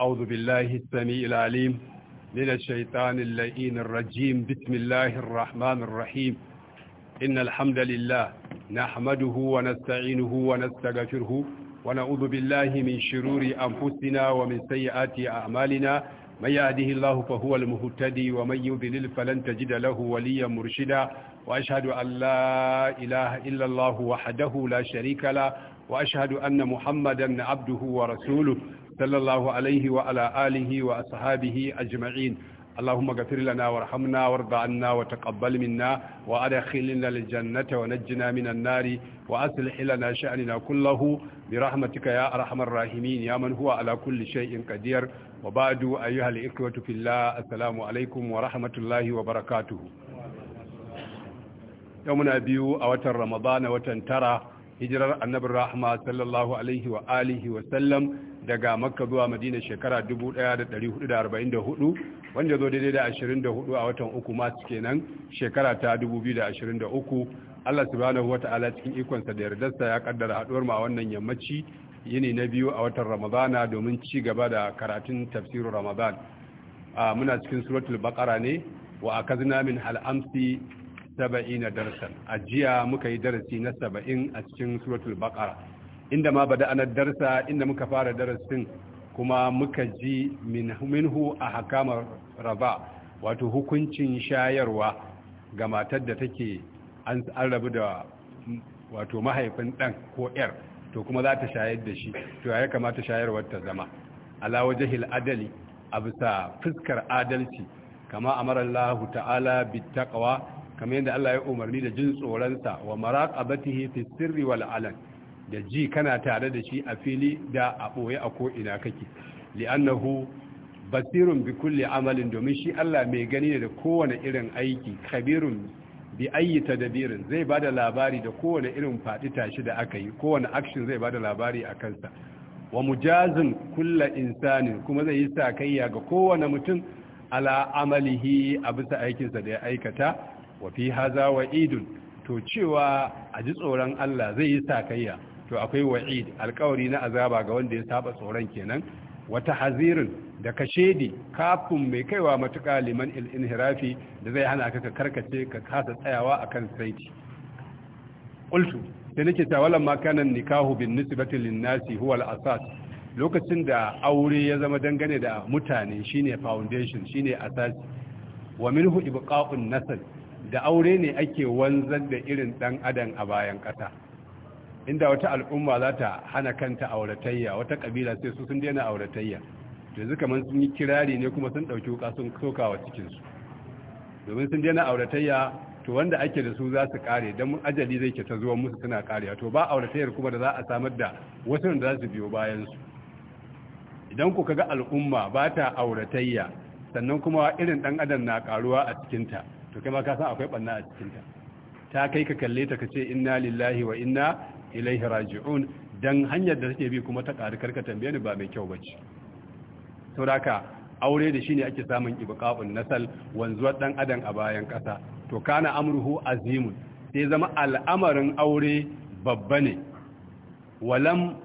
أعوذ بالله السميع العليم من الشيطان اللئين الرجيم بسم الله الرحمن الرحيم إن الحمد لله نحمده ونستعينه ونستغفره ونعوذ بالله من شرور أنفسنا ومن سيئات أعمالنا من يهده الله فهو المهتدي ومن يضلل فلن تجد له وليا مرشدا وأشهد أن لا إله إلا الله وحده لا شريك له وأشهد أن محمدا عبده ورسوله sallallahu alaihi wa ala alihi wa ashabihi ajma'in اللهم اغفر لنا وارحمنا وارض عنا وتقبل منا وادخلنا الجنة ونجنا من النار وأصلح لنا شأننا كله برحمتك يا أرحم الراحمين يا من هو على كل شيء قدير وبعد أيها الإخوة في الله السلام عليكم ورحمة الله وبركاته يومنا بيو أوتر رمضان وتنترى hijirar annabin rahama sallallahu alaihi wa alihi wa sallam daga makka zuwa madina shekara 1444 wanda zo daidai da 24 a watan uku masu kenan shekara ta 2023 Allah subhanahu wa ta'ala cikin ikonsa da yardarsa ya kaddara haduwar ma wannan yammaci yini na biyu a watan ramadana domin ci gaba da karatun tafsirin ramadan muna cikin suratul bakara ne wa akazna min al-amsi saba'ina darsan a jiya muka yi darasi na saba'in a cikin suratul baqara inda ma bada anar darsa inda muka fara darasin kuma muka ji minhu a hakamar raba wato hukuncin shayarwa ga matar da take an rabu da wato mahaifin dan ko 'yar to kuma za ta shayar da shi to ya kamata shayarwar ta zama ala wajhil adali a bisa fuskar adalci kama amara Allah ta'ala bi taqwa kamar yadda Allah ya umarni da jin tsoronsa wa maraqabatihi fi sirri wal alan da ji kana tare da shi a fili da a boye a ko ina kake li'annahu basirun bi kulli amalin domin shi Allah mai gani ne da kowane irin aiki khabirun bi ayi tadabirin zai bada labari da kowane irin fadi tashi da aka yi kowane action zai bada labari a kansa wa mujazin kulla insanin kuma zai yi sakayya ga kowane mutum ala amalihi a bisa aikinsa da ya aikata wa fi haza idun to cewa a ji tsoron Allah zai yi sakayya to akwai wa'id alkawari na azaba ga wanda ya saba tsoron kenan wata hazirin da kashedi kafin mai kaiwa matuƙa liman inhirafi da zai hana ka karkace ka kasa tsayawa a kan saiti ƙultu da nake tawalan makanan nikahu bin nisbati linnasi huwa al'asas asas lokacin da aure ya zama dangane da mutane shine foundation shine asasi wa minhu ibqa'un nasl da aure ne ake wanzar da irin dan adam a bayan kasa inda wata al'umma za ta hana kanta auratayya wata kabila sai su sun daina auratayya to yanzu kamar sun yi kirari ne kuma sun dauki wuka sun wa cikin su domin sun daina auratayya to wanda ake da su za su kare dan ajali zai ke ta zuwa musu suna kare to ba auratayyar kuma da za a samar da wasu da za su biyo bayan su idan ku kaga al'umma ba ta auratayya sannan kuma irin dan adam na karuwa a cikinta to kai ma ka san akwai banna a cikin ta ta kai ka kalle ta ce inna lillahi wa inna ilaihi raji'un dan hanyar da take bi kuma ta ƙari karka tambaye ni ba mai kyau bace saboda aure da shine ake samun ibqa'un nasal wanzuwar dan adam a bayan kasa to kana amruhu azimun sai zama al'amarin aure babba ne walam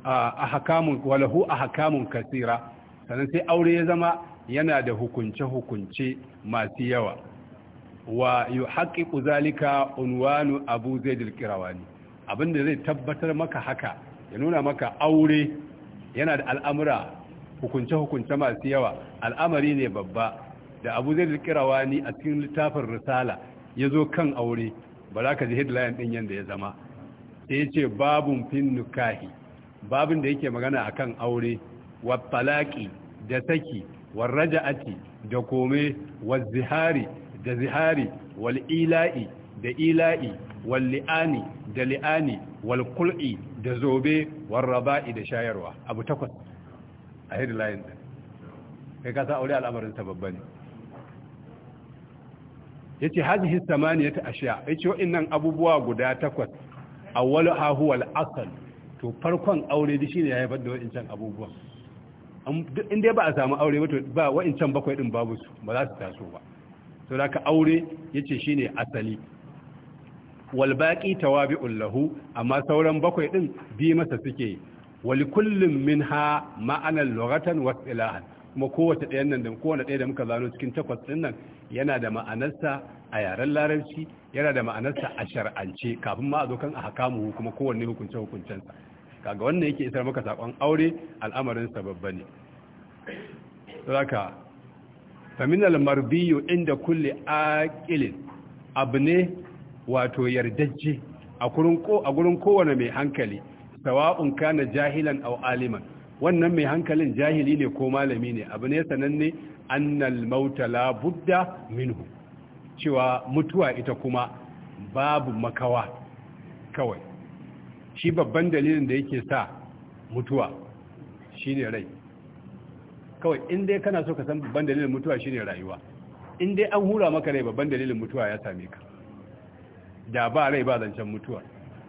a walahu a hakamun kasira sannan sai aure ya zama yana da hukunce-hukunce masu yawa wa yi haƙi ƙuzalika unwanu abu zai dilkirawani abinda zai tabbatar maka haka ya nuna maka aure yana da al'amura hukunce-hukunce masu yawa al'amari ne babba da abu zai dilkirawani a cikin littafin risala ya zo kan aure ba za ka ji headline ɗin yadda ya zama sai ce babun fin nukahi babin da yake magana a kan aure wa talaki da saki warraja'ati da kome zihari da zihari wal ila'i da ila'i wal li'ani da li'ani wal kul'i da zobe warraba'i da shayarwa abu takwas a headline din kai ka sa aure al'amarin sa babba ne yace hadhihi Ya ce yace nan abubuwa guda takwas a wani al-asl to farkon aure shi ne ya haifar da can abubuwa. in dai ba a samu aure wato ba wa'incan bakwai din babu su ba za su taso ba to da ka aure yace shine asali wal baqi tawabi'un lahu amma sauran bakwai din bi masa suke wal kullum minha ma'ana lughatan wa ilahan kuma kowace ɗayan nan da kowace ɗaya da muka zano cikin takwas ɗin nan yana da ma'anarsa a yaren larabci yana da ma'anarsa a shar'ance kafin ma a zo kan a hakamu kuma kowanne hukunce hukuncensa kaga wannan yake isar maka sakon aure al'amarin babba ne saka faminal marbiyu inda kulli aqilin abne wato yardajje a gurin ko a gurin kowane mai hankali sawa'un kana jahilan aw aliman wannan mai hankalin jahili ne ko malami ne abu sananne annal mauta la budda minhu cewa mutuwa ita kuma babu makawa kawai shi babban dalilin da yake sa mutuwa shine rai kawai in dai kana so ka san babban dalilin mutuwa shine rayuwa in dai an hura maka rai babban dalilin mutuwa ya same ka da ba rai ba zancen mutuwa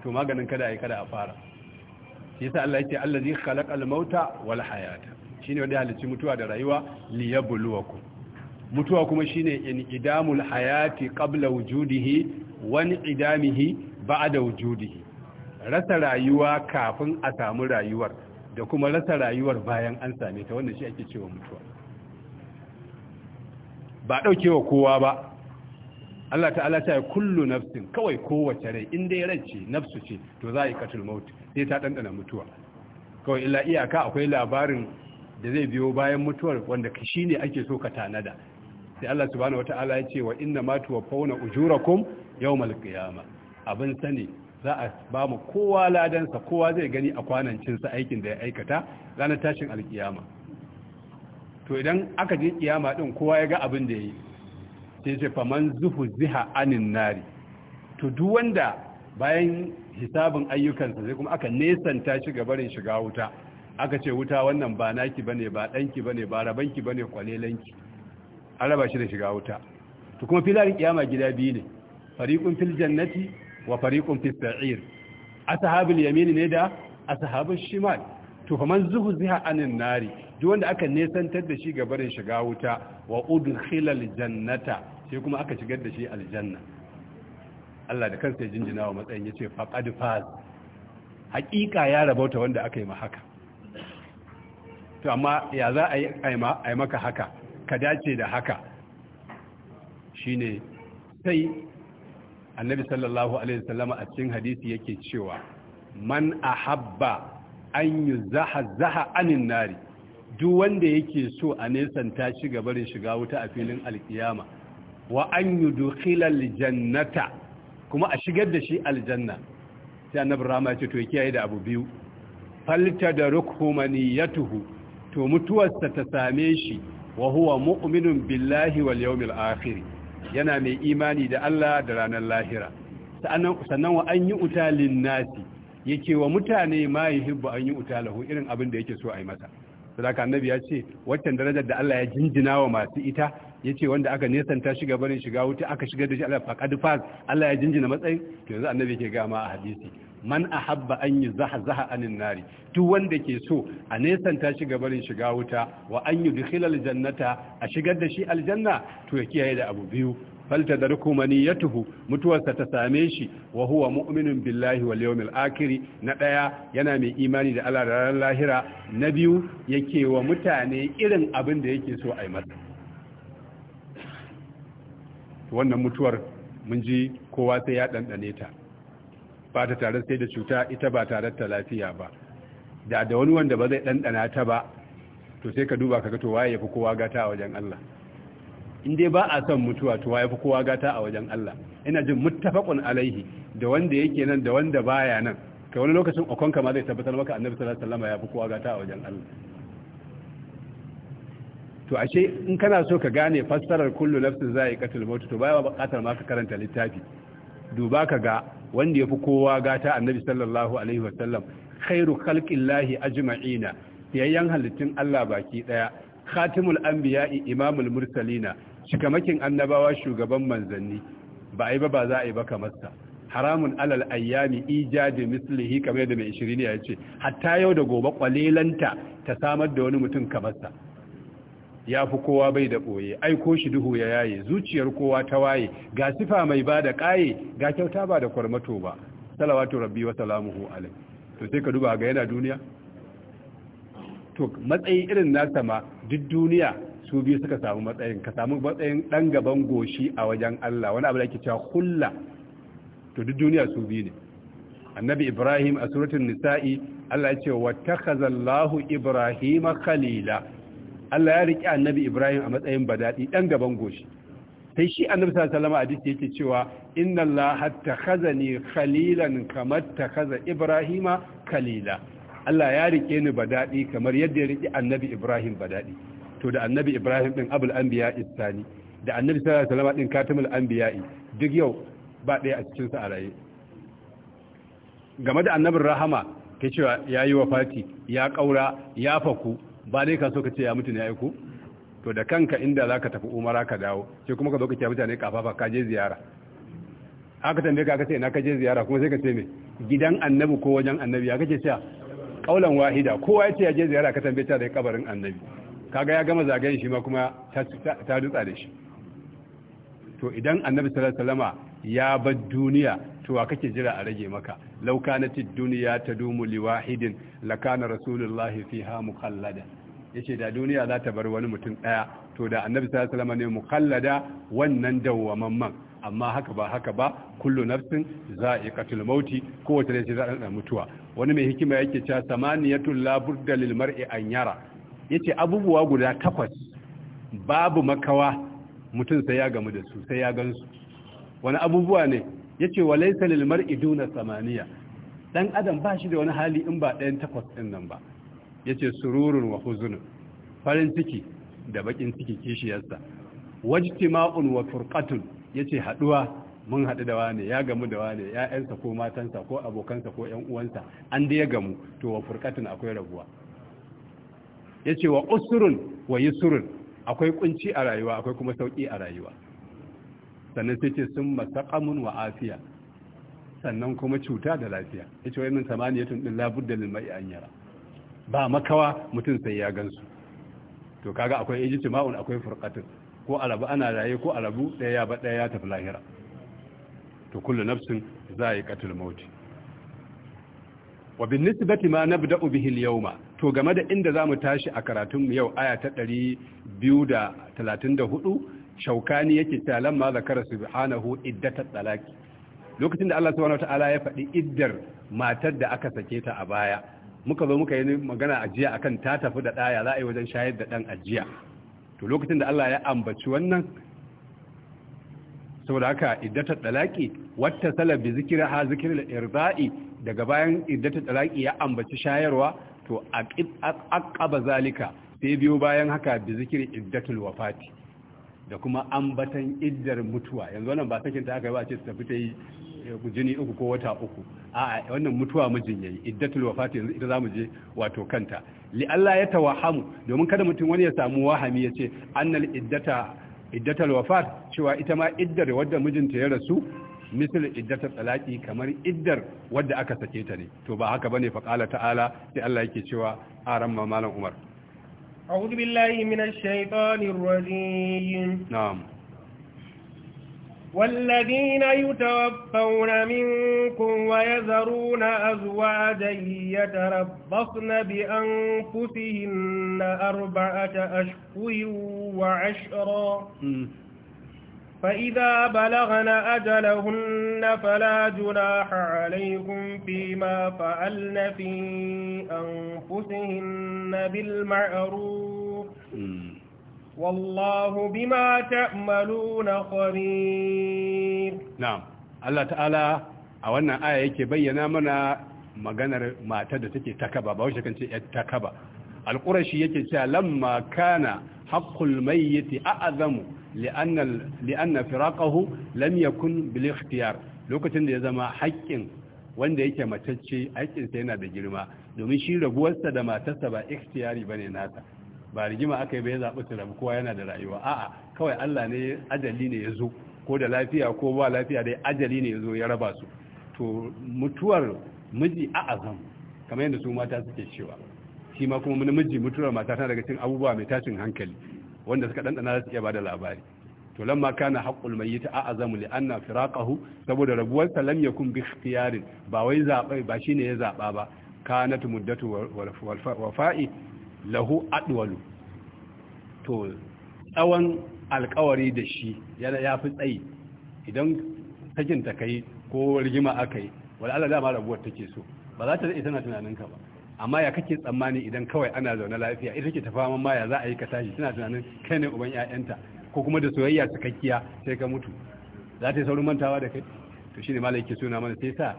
to maganin kada yi kada a fara shi yasa Allah yake allazi khalaqal mauta wal hayata shine wanda halicci mutuwa da rayuwa liyabluwakum mutuwa kuma shine in idamul hayati qabla wujudihi wa idamihi ba'da wujudihi rasa rayuwa kafin a samu rayuwar da kuma rasa rayuwar bayan an same ta wanda shi ake cewa mutuwa ba daukewa kowa ba Allah ta'ala ta yi kullu nafsin kawai kowace rai inda ya rance nafsu ce to za a yi katul maut sai ta ɗanɗana mutuwa kawai illa iyaka akwai labarin da zai biyo bayan mutuwar wanda shi ne ake so ka tanada sai Allah subhanahu wata'ala ya ce wa inna ma tuwaffawna ujurakum yawmal qiyamah abin sani za a ba mu kowa ladansa kowa zai gani a kwanancinsa aikin da ya aikata ranar tashin alkiyama to idan aka je kiyama din kowa ya ga abin da ya yi sai ce faman zuhu ziha anin nari to duk wanda bayan hisabin ayyukansa sai kuma aka nesanta shi ga barin shiga wuta aka ce wuta wannan ba naki bane ba danki bane ba rabanki bane kwalelanki an raba shi da shiga wuta to kuma filarin kiyama gida biyu ne fariqun fil jannati wa fariqun fi sa'ir ashabul yamin ne da ashabul shimal to zuhu ziha anin nari duk wanda aka nesantar da shi gabarin shiga wuta wa khilal jannata sai kuma aka shigar da shi aljanna Allah da kansa ya jinjina wa matsayin yace faqad faz Haƙiƙa ya rabauta wanda aka yi ma haka to amma ya za a yi maka haka ka dace da haka shine sai annabi sallallahu alaihi wasallama a cikin hadisi yake cewa man ahabba an zahazaha anin nari duk wanda yake so a nesanta shi gabarin shiga wuta a filin alkiyama wa an yudkhila aljannata kuma a shigar da shi aljanna sai annabi rama ce to kiyaye da abu biyu falta da rukhumaniyatuhu to mutuwarsa ta same shi wa huwa mu'minun billahi wal yawmil akhir yana mai imani da Allah da ranar lahira sannan wa an yi uta linnasi yake wa mutane ma yuhibbu an yi uta lahu irin abin da yake so a yi masa sadaka annabi ya ce waccan darajar da Allah ya jinjina wa masu ita ya ce wanda aka nesanta shiga barin shiga wuta aka shiga da shi Allah faqad fas Allah ya jinjina matsayin to yanzu annabi yake ga a hadisi man ahabba an yi zaha anin nari duk wanda ke so a nesanta shiga barin shiga wuta wa an yi jannata a shigar da shi aljanna to ya kiyaye da abu biyu ya tuhu, mutuwarsa ta same shi wa huwa mu'minun billahi wal yawmil akhir na daya yana mai imani da Allah da ranar lahira na biyu yake wa mutane irin abin da yake so a yi masa wannan mutuwar mun ji kowa sai ya dandane ta ba ta tare sai da cuta ita ba tare ta lafiya ba da da wani wanda ba zai ɗanɗana ta ba to sai ka duba ka to waye yafi kowa gata a wajen Allah in dai ba a son mutuwa to waye yafi kowa gata a wajen Allah ina jin muttafaqun alaihi da wanda yake nan da wanda baya nan kai wani lokacin okon ma zai tabbatar maka annabi sallallahu alaihi wasallam ya fi kowa gata a wajen Allah to ashe in kana so ka gane fassarar kullu nafsin za'iqatul maut to baya buƙatar ma ka karanta littafi duba ka ga wanda ya fi kowa gata annabi sallallahu alaihi wasallam khairu khalqillahi ajma'ina yayyan halittun Allah baki ɗaya. khatimul anbiya'i imamul mursalina shikamakin annabawa shugaban manzanni ba ai ba ba za a yi ba kamar sa haramun alal ayyami ijadi mislihi kamar da mai 20 ya ce hatta yau da gobe kwalelanta ta samar da wani mutum kamar sa ya fi kowa bai da ɓoye aiko shi duhu ya yaye zuciyar kowa ta waye ga sifa mai ba da ƙaye ga kyauta ba da kwarmato ba salawatu rabbi wa salamuhu alai to sai ka duba ga yana duniya to matsayi irin nasa sama duk duniya su biyu suka samu matsayin ka samu matsayin dan gaban goshi a wajen Allah wani abu da ake cewa hulla to duk duniya su biyu ne annabi ibrahim a suratul nisa'i Allah ya ce takhazallahu ibrahima khalila Allah ya riƙe annabi Ibrahim a matsayin badaɗi ɗan gaban goshi sai shi annabi sallallahu alaihi wasallam yake cewa inna Allah ne khalilan kamar ta haza, Ibrahima kalila Allah ya riƙe ni badadi kamar yadda ya riƙe annabi Ibrahim badadi to da annabi Ibrahim din abul anbiya istani da annabi sallallahu alaihi wasallam din katimul anbiya'i duk yau ba ɗaya a cikin sa a raye game da annabin rahama ta cewa yayi wafati ya kaura ya faku ba dai ka so ka ce ya mutu ya aiko to da kanka inda za ka tafi umara ka dawo sai kuma ka zo ka ce mutane kafafa ka je ziyara aka tambaye ka ce ina ka je ziyara kuma sai ka ce me gidan annabi ko wajen annabi ya kace sai kaulan wahida kowa ya ce ya je ziyara ka tambaye ta da kabarin annabi kaga ya gama zagayen shi ma kuma ta dutsa da shi to idan annabi sallallahu alaihi wasallama ya bar duniya to wa kake jira a rage maka law kanatid dunya tadumu liwahidin lakana rasulullahi fiha muqallada yace da duniya za ta bar wani mutum ɗaya, to da annabi sallallahu alaihi wasallam ne mukallada wannan dawwamamman amma haka ba haka ba kullu nafsin za'iqatul mauti kowace rai za ta mutuwa wani mai hikima yake cewa samaniyatul la da lil mar'i an yara yace abubuwa guda takwas babu makawa mutum sai ya gamu da su sai ya gansu wani abubuwa ne yace walaysa lil mar'i duna samaniya dan adam ba shi da wani hali in ba ɗayan takwas ɗin nan ba yace sururun wa huzunun farin ciki da bakin ciki kishiyarsa ma'un wa ya yace haduwa mun haɗu da wane ya gamu da wane ya'yansa ko matansa ko abokansa ko yan uwansa an da ya gamu to wa furkatun akwai rabuwa yace wa usurun wa yi surun akwai kunci a rayuwa akwai kuma sauki a rayuwa sannan sai ce sun masakamun wa afiya sannan kuma cuta da lafiya yace wayannan samaniyatun din labudda lilmai an yara ba makawa mutum sai ya gansu to kaga akwai ijtima'un akwai furqatin ko alabu ana raye ko alabu daya ya ba daya ya tafi lahira to kullu nafsin za'iqatul maut wa bin nisbati ma nabda'u bihi al-yawma to game da inda zamu tashi a karatun mu yau aya ta 234 shaukani yake ta lamma zakara subhanahu iddatat talaqi lokacin da Allah subhanahu Ta'ala ya faɗi iddar matar da aka sake ta a baya muka zo muka yi magana ajiya akan ta tafi da ɗaya za a yi wajen shayar da ɗan ajiya to lokacin da Allah ya ambaci wannan saboda haka iddata talaki wata salabi zikira ha da irza'i daga bayan iddata talaki ya ambaci shayarwa to aqaba zalika sai biyo bayan haka bi zikir iddatul wafati da kuma ambatan iddar mutuwa yanzu wannan ba sakin ta aka yi ba ce ta yi jini uku ko wata uku a wannan mutuwa mijin yayi iddatul wafati yanzu ita zamu je wato kanta li Allah ya tawahamu domin kada mutum wani ya samu wahami ya ce annal iddata iddatul wafat cewa ita ma iddar wadda mijinta ya rasu misal iddata talaki kamar iddar wadda aka sake ta ne to ba haka bane fa qala ta'ala sai Allah yake cewa aran ma malam Umar أعوذ بالله من الشيطان الرجيم نعم والذين يتوفون منكم ويذرون أزواجا يتربصن بأنفسهن أربعة أشهر وعشرا فإذا بلغن أجلهن فلا جناح عليكم فيما فعلن في أنفسهن بالمعروف والله بما تعملون خبير نعم الله تعالى a wannan aya yake bayyana mana maganar matar da take takaba ba wace kan ce yar takaba alqurashi yake cewa lamma kana haqqul mayyit a'zamu li'anna li'anna firaqahu lam yakun bil ikhtiyar lokacin da ya zama haƙƙin wanda yake matacce haƙƙin sa yana da girma domin shi raguwarsa da matarsa ba ikhtiyari bane nata ba rigima aka yi ba ya zaɓi su rabu kowa yana da rayuwa a'a kawai Allah ne ajali ne ya zo ko da lafiya ko ba lafiya dai ajali ne ya zo ya raba su to mutuwar miji a azam kamar yadda su mata suke cewa shi ma kuma miji mutuwar mata tana daga cikin abubuwa mai tashin hankali wanda suka ɗanɗana za su iya bada labari to lamma kana haqqul a a'zamu li anna firaƙahu saboda rabuwar sa lam yakun bi ikhtiyarin ba wai zaɓe ba shine ya zaɓa ba kanat muddatu wal fa'i lahu adwalu to tsawon alkawari da shi ya fi tsayi idan sakin ta kai ko rigima aka yi wala Allah dama rabuwar take so ba za ta zai tana tunaninka ba amma ya kake tsammani idan kawai ana zaune lafiya ita ke tafama ma ya za a yi ka tashi tana tunanin kai ne uban ƴaƴanta ko kuma da soyayya cikakkiya sai ka mutu za ta yi saurin mantawa da kai to shine malai ke suna mana sai sa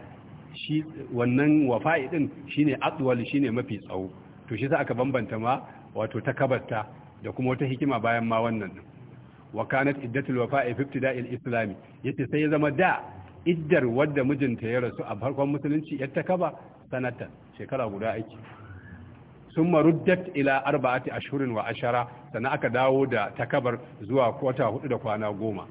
shi wannan wafa'i din shine atwal shine mafi tsawo to shi za aka bambanta ma wato takabarta da kuma wata hikima bayan ma wannan wa kanat iddatul wafa'i fi ibtida'il islami yace sai ya zama da iddar wadda mijinta ya rasu a farkon musulunci ya kaba sanata shekara guda aiki sun maruddat ila arba'ati ashhurin wa ashara sana aka dawo da takabar zuwa kwata hudu da kwana goma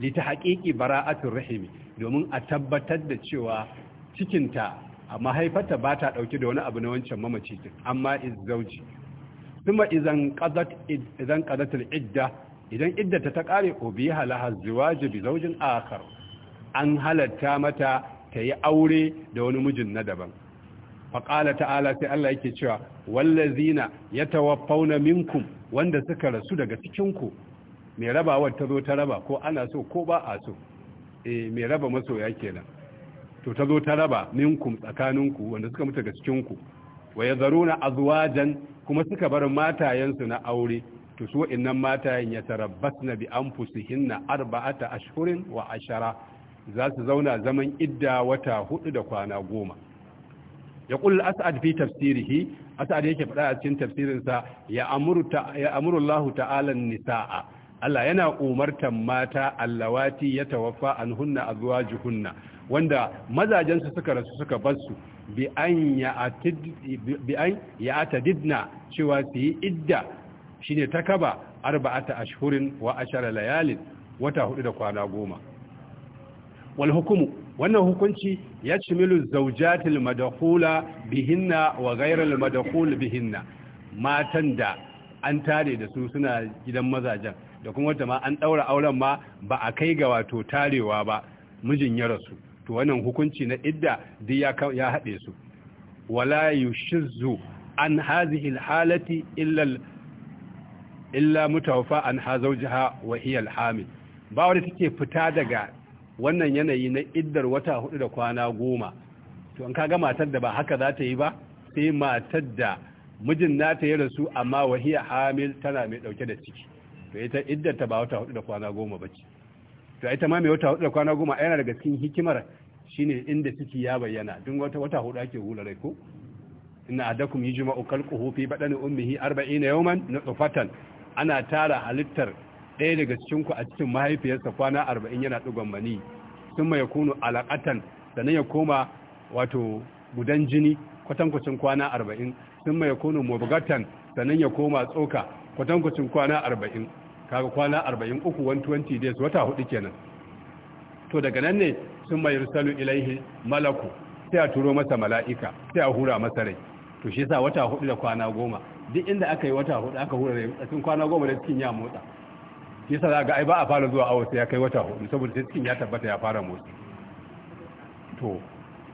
li ta haƙiƙi bara'atul rahimi domin a tabbatar da cewa cikinta amma haifarta ba ta ɗauki da wani abu na wancan mamaci din amma izzauji kuma idan qadat idan qadat idda idan iddata ta kare obi halaha ziwaji bi zawjin akhar an halatta mata ta yi aure da wani mijin na daban faƙala ta'ala sai Allah yake cewa wallazina ya tawaffauna minkum wanda suka rasu daga cikinku mai rabawar ta zo ta raba ko ana so ko ba a so eh mai raba masoya kenan to ta zo ta raba minkum tsakaninku wanda suka mutu ga ku. wa yazaruna azwajan kuma suka bar matayensu na aure to su wa'annan matayen ya tarabbasna bi anfusihinna arba'ata ashhurin wa ashara za su zauna zaman idda wata hudu da kwana goma ya qul as'ad fi tafsirihi as'ad yake faɗa a cikin tafsirin sa ya amuru ya amuru Allah ta'ala nisaa Allah yana umartan mata allawati yatawaffa anhunna azwajuhunna wanda mazajensu suka rasu suka basu bi an ya atadidna cewa su yi idda shi ne ta kaba arba'ata ashhurin wa ashara layalin wata hudu da kwana goma wal hukumu wannan hukunci ya ci milu zaujatil madakula bihinna wa gairar madakula bihinna matan da an tare da su suna gidan mazajen da kuma wata ma an daura auren ma ba a kai ga wato tarewa ba mijin ya rasu to wannan hukunci na idda duk ya haɗe su wala yushizzu an hadhihi alhalati illa illa mutawaffa an hazaujaha wa hiya alhamil ba wanda take fita daga wannan yanayi na iddar wata hudu da kwana goma to an kaga matar da ba haka za ta yi ba sai matar da mijin nata ya rasu amma hiya hamil tana mai dauke da ciki to ita iddar ta ba wata hudu da kwana goma bace to ita ma mai wata hudu da kwana goma yana daga cikin hikimar shine inda ciki ya bayyana duk wata wata hudu ake hula rai ko inna adakum yujma'u khalquhu fi badani ummihi 40 yawman nutfatan ana tara halittar ɗaya daga cikin ku a cikin mahaifiyarsa kwana 40 yana dugon mani sun mai kunu alaqatan sannan ya koma wato gudan jini kwatankwacin kwana 40 sun mai kunu mubgatan sannan ya koma tsoka kwatankwacin kwana arba'in. kaga kwana 43 uku 120 days wata hudu kenan to daga nan ne sun mai rusalu ilaihi malaku sai a turo masa mala'ika sai a hura masa rai to shi yasa wata hudu da kwana goma duk inda aka yi wata hudu aka hura rai cikin kwana goma da cikin ya motsa shi yasa za ga ai ba a fara zuwa awo sai ya kai wata hudu saboda sai cikin ya tabbata ya fara motsi to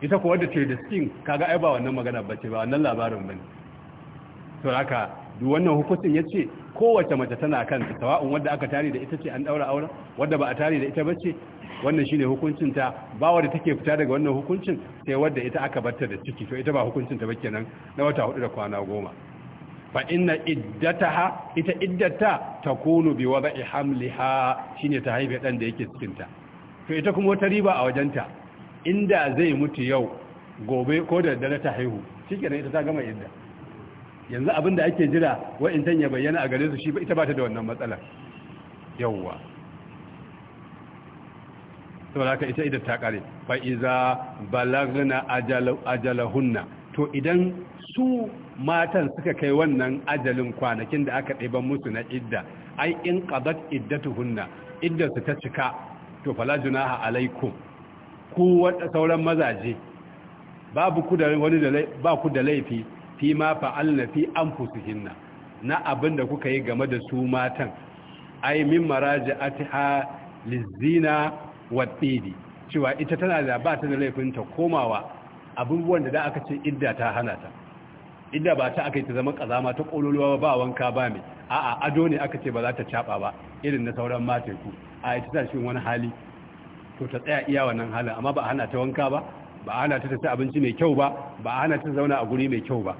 ita kuwa da ce da cikin kaga ai ba wannan magana bace ba wannan labarin bane to haka duk wannan hukuncin ya ce kowace mace tana kanta sawa'un wadda aka tare da ita ce an daura auren wadda ba a tare da ita bace wannan shine hukuncin ta ba wadda take fita daga wannan hukuncin sai wadda ita aka barta da ciki to ita ba hukuncin ta bace nan na wata hudu da kwana goma fa inna iddataha ita iddata takunu bi wada'i hamliha shine ta haife dan da yake cikin ta to ita kuma wata riba a wajenta inda zai mutu yau gobe ko da dare ta haihu shikenan ita ta gama iddata yanzu abin da ake jira wa'intan ya bayyana a gare su shi ita ba ta da wannan matsalar yawwa saboda haka ita idan ta kare fa iza balagna ajalahunna to idan su matan suka kai wannan ajalin kwanakin da aka ɗaiban musu na idda ai in qadat iddatuhunna idda su ta cika to fala junaha alaikum ku sauran mazaje babu ku da wani da laifi fi ma fa'alna fi hinna na da kuka yi game da su matan ai min ta lizina wa cewa ita tana da ba ta da laifin ta komawa abubuwan da da aka ce idda ta hana ta idda ba ta aka yi ta zama kazama ta ƙololuwa ba wanka ba mai a'a ado ne aka ce ba za ta caɓa ba irin na sauran mateku a ita ta shi wani hali to ta tsaya iya wannan halin amma ba hana ta wanka ba ba hana ta ta abinci mai kyau ba ba hana ta zauna a guri mai kyau ba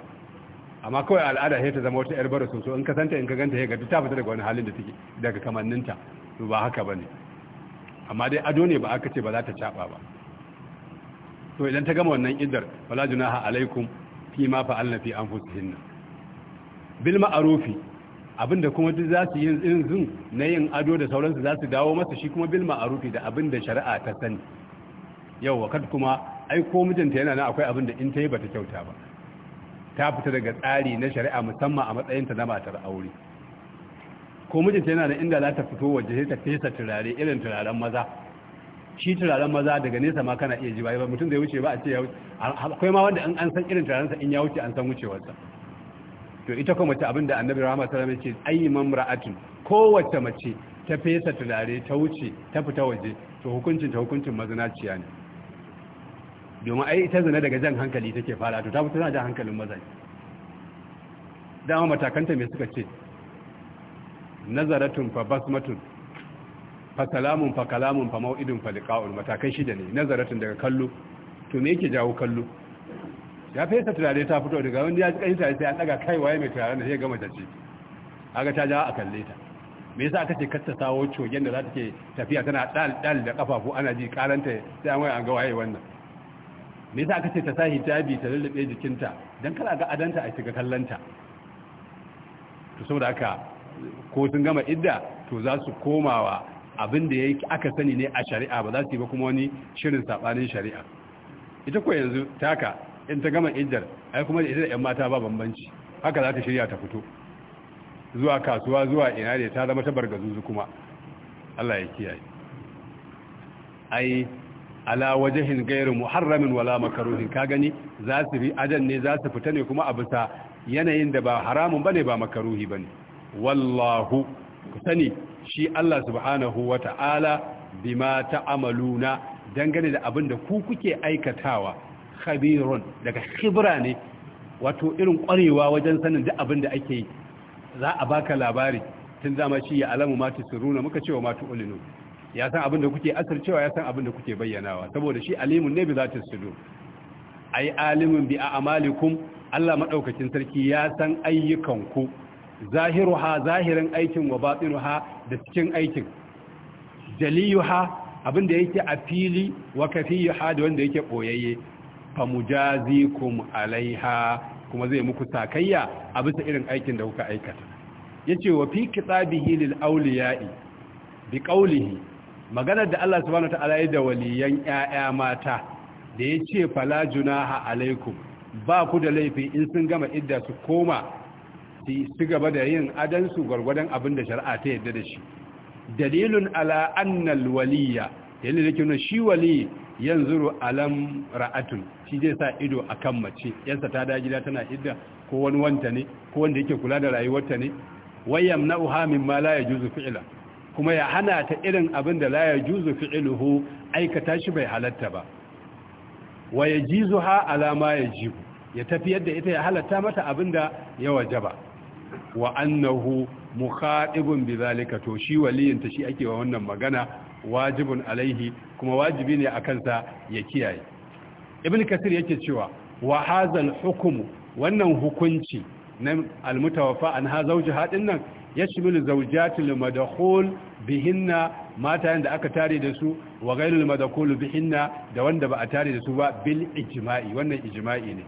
amma kawai al'ada sai ta zama wata yar bara soso in ka santa in ka ganta sai ga ta fita daga wani halin da take daga kamanninta to ba haka bane amma dai ado ne ba aka ce ba za ta caba ba to idan ta gama wannan idar wala junaha alaikum fi ma fa'alna fi anfusihinna bil ma'rufi abinda kuma duk za su yi zin na yin ado da sauransu za su dawo masa shi kuma bil ma'rufi da abinda shari'a ta sani yau wakat kuma ai ko mijinta yana nan akwai abinda in ta yi bata kyauta ba ta fita daga tsari na shari'a musamman a matsayin ta na matar aure ko mijinta yana da inda za ta fito waje sai ta fesa turare irin turaren maza shi turaren maza daga nesa ma kana iya ji ba mutum zai wuce ba a ce ya wuce akwai ma wanda an san irin turaren sa in ya wuce an san wucewarsa to ita kuma mace abinda annabi rahama sallallahu alaihi wasallam yace ayyiman ra'atun kowace mace ta fesa turare ta wuce ta fita waje to hukuncin ta hukuncin mazinaciya ne domin ai ita zina daga jan hankali take fara to ta fito na jan hankalin mazai dama matakanta me suka ce nazaratun fa basmatun fa salamun fa kalamun fa mau'idun fa liqa'un matakai shida ne nazaratun daga kallo to me yake jawo kallo ya fesa turare ta fito daga wani ya ji kai sai an daga kai waye mai turare da ya gama ta ce aga ta jawo a kalle ta me yasa aka ce katta sawo cogen da za ta ke tafiya tana dal dal da kafafu ana ji karanta sai an waye an ga waye wannan me yasa aka ce ta sa hijabi ta lullube jikinta dan kala ga adanta a shiga kallanta to saboda haka ko sun gama idda to za su komawa abin da yake aka sani ne a shari'a ba za su yi ba kuma wani shirin sabanin shari'a ita ko yanzu taka in ta gama iddar ai kuma ita da yan mata ba bambanci haka za ta shirya ta fito zuwa kasuwa zuwa ina ne ta zama ta bargazu kuma Allah ya kiyaye ai ala wajahin gairu muharramin wala makaruhin ka gani za su bi ajan ne za su fita ne kuma a bisa yanayin da ba haramun bane ba makaruhi bane wallahu ku sani shi Allah subhanahu wata'ala bima ta'amaluna dangane da abin da ku kuke aikatawa khabirun daga khibra ne wato irin kwarewa wajen sanin duk abin da ake yi za a baka labari tun zama shi ya alamu ma tusuruna muka cewa ma tu'linu ya san abin da kuke asircewa ya san abin da kuke bayyanawa saboda shi alimun ne bi za ta sudu ai alimin bi a'malikum Allah madaukakin sarki ya san ayyukanku zahiruha zahirin aikin wa batinuha da cikin aikin jaliyuha abin da yake a fili wa kafiyuha da wanda yake koyayye fa mujazikum alaiha kuma zai muku sakayya a bisa irin aikin da kuka aikata yace wa fi kitabihi lil auliya'i, bi qawlihi maganar da Allah subhanahu ta'ala ya da waliyan ƴaƴa mata da ya ce fala junaha alaikum ba ku da laifi in sun gama idda su koma su gaba da yin adansu gargwadan abin da shari'a ta yadda da shi dalilun ala annal waliya dalilin da ke nuna shi wali yanzu alam ra'atun shi zai sa ido akan mace yansa ta da gida tana idda ko wani wanta ne ko wanda yake kula da rayuwarta ne wayyam na'uha mimma la yajuzu fi'la kuma ya hana ta irin abin da la ya juzu fi'iluhu aikata shi bai halatta ba wa ya jizu ha alama ya jibu ya tafi yadda ita ya halatta mata abin da ya wajaba wa annahu mukhadibun bizalika to shi waliyin ta shi ake wa wannan magana wajibun alaihi kuma wajibi ne akan sa ya kiyaye ibn kasir yake cewa wa hazal hukumu wannan hukunci na almutawaffa an ha zauji hadin nan yashmilu zaujatul madkhul bihinna mata da aka tare da su wa ghairul madkhul bihinna da wanda ba a tare da su ba bil ijma'i wannan ijma'i ne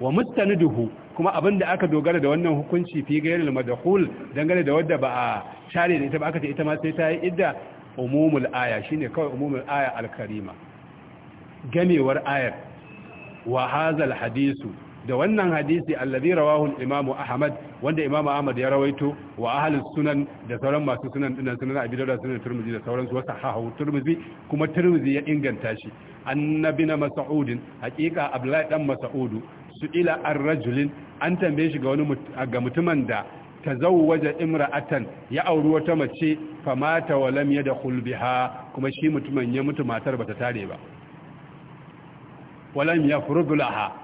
wa mustaniduhu kuma abinda aka dogara da wannan hukunci fi ghairul madkhul dangane da wadda ba a tare da ita ba aka ce ita ma sai ta yi idda umumul aya shine kawai umumul aya alkarima karima gamewar ayar wa hadha hadithu da wannan hadisi allazi rawahu al-imam Ahmad wanda imam Ahmad ya rawaito wa ahlus sunan da sauran masu sunan dinan sunan Abi Dawud sunan Tirmidhi da sauran su sahahu Tirmidhi kuma turmizi ya inganta shi annabi na Mas'ud hakika Abdullahi dan Mas'ud su ila ar-rajulin an tambaye shi ga wani ga mutumin da tazawwaja imra'atan ya auri wata mace famata wa lam yadkhul biha kuma shi mutumin ya mutu matar bata tare ba walam yafrudu laha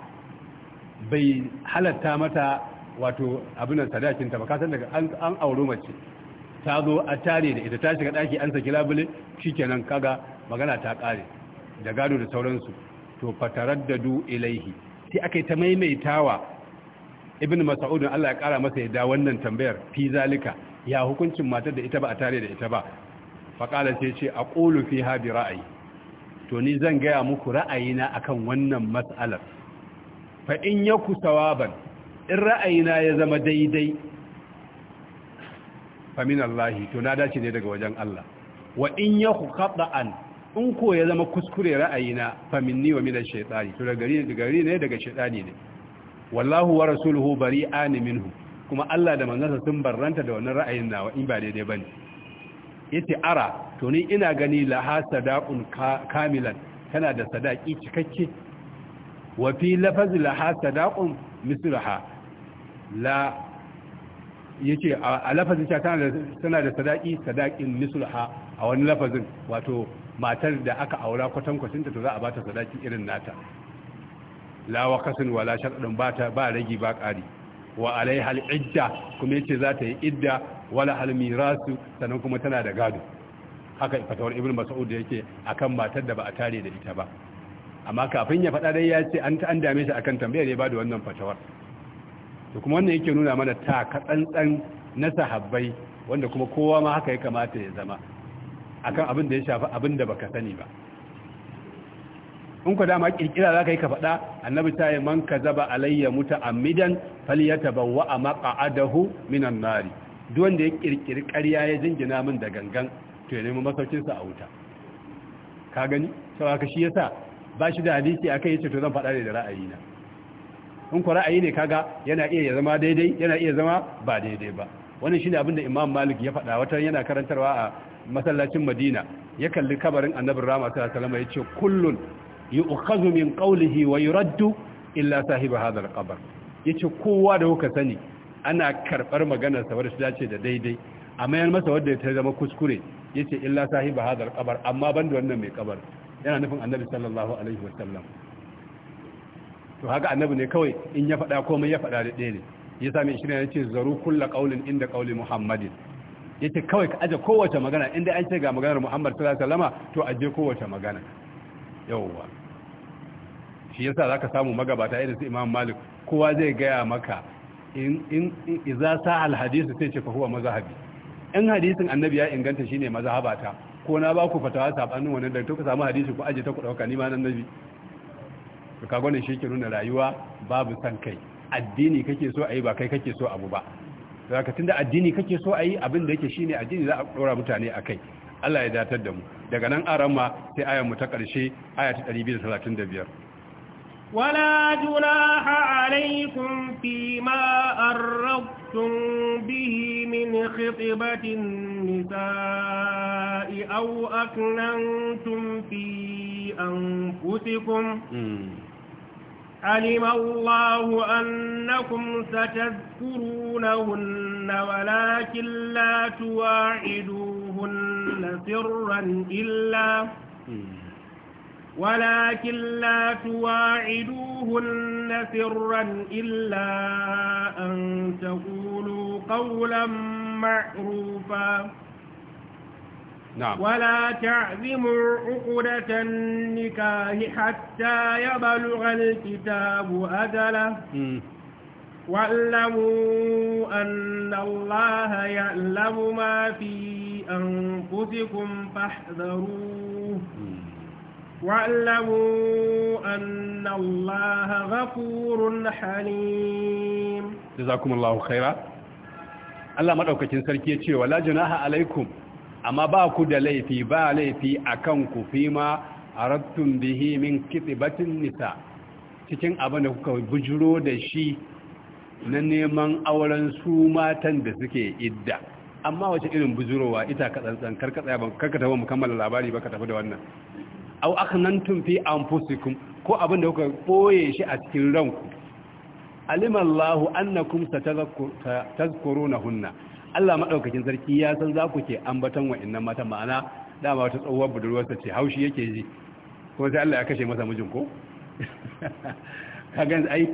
bai halatta mata wato abinan sadakinta ba kasan daga an auro mace ta zo a tare da ita ta shiga daki an saki labule shikenan kaga magana ta kare da gado da sauransu to fataraddadu ilaihi sai akai ta maimaitawa ibn mas'ud Allah ya kara masa da wannan tambayar fi zalika ya hukuncin matar da ita ba a tare da ita ba kala sai ce aqulu fiha bi ra'ayi to ni zan ga muku ra'ayina akan wannan mas'alar fa in yaku sawaban in ra'ayina ya zama daidai fa min Allah to na dace ne daga wajen Allah wa in yaku khata'an in ko ya zama kuskure ra'ayina fa minni wa min ash-shaytani to daga gari gari ne daga shaytani ne wallahu wa rasuluhu bari'an minhu kuma Allah da manzansa sun barranta da wannan ra'ayin nawa in ba daidai bane yace ara to ni ina gani la hasadaqun kamilan tana da sadaki cikakke wa fi lafazi laha yace a lafazin ta tana da sadaqi sadaqin mislaha a wani lafazin wato matar da aka aura kwatan kwatin ta to za a bata sadaqi irin nata la waqasin wala sharadun bata ba ragi ba kari, wa alaiha kuma yace za ta yi idda wala al-mirasu sannan kuma tana da gado haka fatawar ibnu mas'ud yake akan matar da ba a tare da ita ba amma kafin ya faɗa dai ya ce an ta'an dame shi akan tambayar ya ba da wannan fatawar to kuma wannan yake nuna mana ta katsantsan na sahabbai wanda kuma kowa ma haka ya kamata ya zama akan abin da ya shafi abin da baka sani ba in ku dama kirkira za ka yi ka faɗa annabi ta yi man ka zaba alayya muta amidan faliyata bawa a adahu minan nari wanda ya kirkiri karya ya jingina min da gangan to ya nemi masaukinsa a wuta ka gani sau shi shi yasa ba shi da hadisi a kai yace to zan faɗa da ra'ayi na in ku ra'ayi ne kaga yana iya ya zama daidai yana iya zama ba daidai ba wannan shine abin da Imam Malik ya faɗa wata yana karantarwa a masallacin Madina ya kalli kabarin Annabi rama sallallahu alaihi wasallam yace kullun yu'khadhu min qawlihi wa yuraddu illa sahibi hadha al-qabr yace kowa da kuka sani ana karbar maganar sa wanda dace da daidai amma yan masa wanda ta zama kuskure yace illa sahibi hadha al-qabr amma banda wannan mai kabar yana nufin annabi sallallahu alaihi wa wasallam to haka annabi ne kawai in ya faɗa komai ya faɗa da ɗaya ne ya sami shirin ya ce zaru kulla ƙaunin inda ƙaunin muhammadin yace kawai ka aje kowace magana inda an ce ga maganar muhammad sallallahu alaihi wasallama to aje kowace magana yawwa shi yasa zaka samu magabata irin su imam malik kowa zai gaya maka in in idza sa al hadith sai ce fa huwa mazhabi in hadisin annabi ya inganta shine mazhabata ko na ba ku fatawa sabanin wannan da kuka samu hadisi ku aje ta ku dauka ni ma nan nabi to ka gwanin shi ke nuna rayuwa babu san kai addini kake so ayi ba kai kake so abu ba zaka tunda addini kake so ayi abin da yake shine addini za a dora mutane akai Allah ya datar da mu daga nan aran ma sai ayar mu ta karshe aya ta 235 wala junaha alaikum ma arrab خرجتم به من خطبة النساء أو أكننتم في أنفسكم علم الله أنكم ستذكرونهن ولكن لا تواعدوهن سرا إلا ولكن لا تواعدوهن سرا إلا أن تقولوا قولا معروفا نعم. ولا تعزموا عقدة النكاه حتى يبلغ الكتاب أجله واعلموا أن الله يعلم ما في أنفسكم فاحذروه واعلموا أن الله غفور حليم جزاكم الله خيرا Allah madaukakin sarki ya ce wala junaha alaikum amma ba ku da laifi ba laifi akan ku fima arattum bihi min kitibatin nisa cikin abin da kuka bujiro da shi na neman auren su matan da suke idda amma wace irin bujurowa ita ka tsantsan karkata ba karkata ba mu kammala labari ba ka tafi da wannan aw akhnantum fi anfusikum ko abin da kuka boye shi a cikin ranku alimallahu annakum satazkurunahunna Allah madaukakin sarki ya san za ku ke ambaton wa'annan mata ma'ana dama wata tsohuwar budurwarsa ce haushi yake ji ko sai Allah ya kashe masa mijin ko kagan ai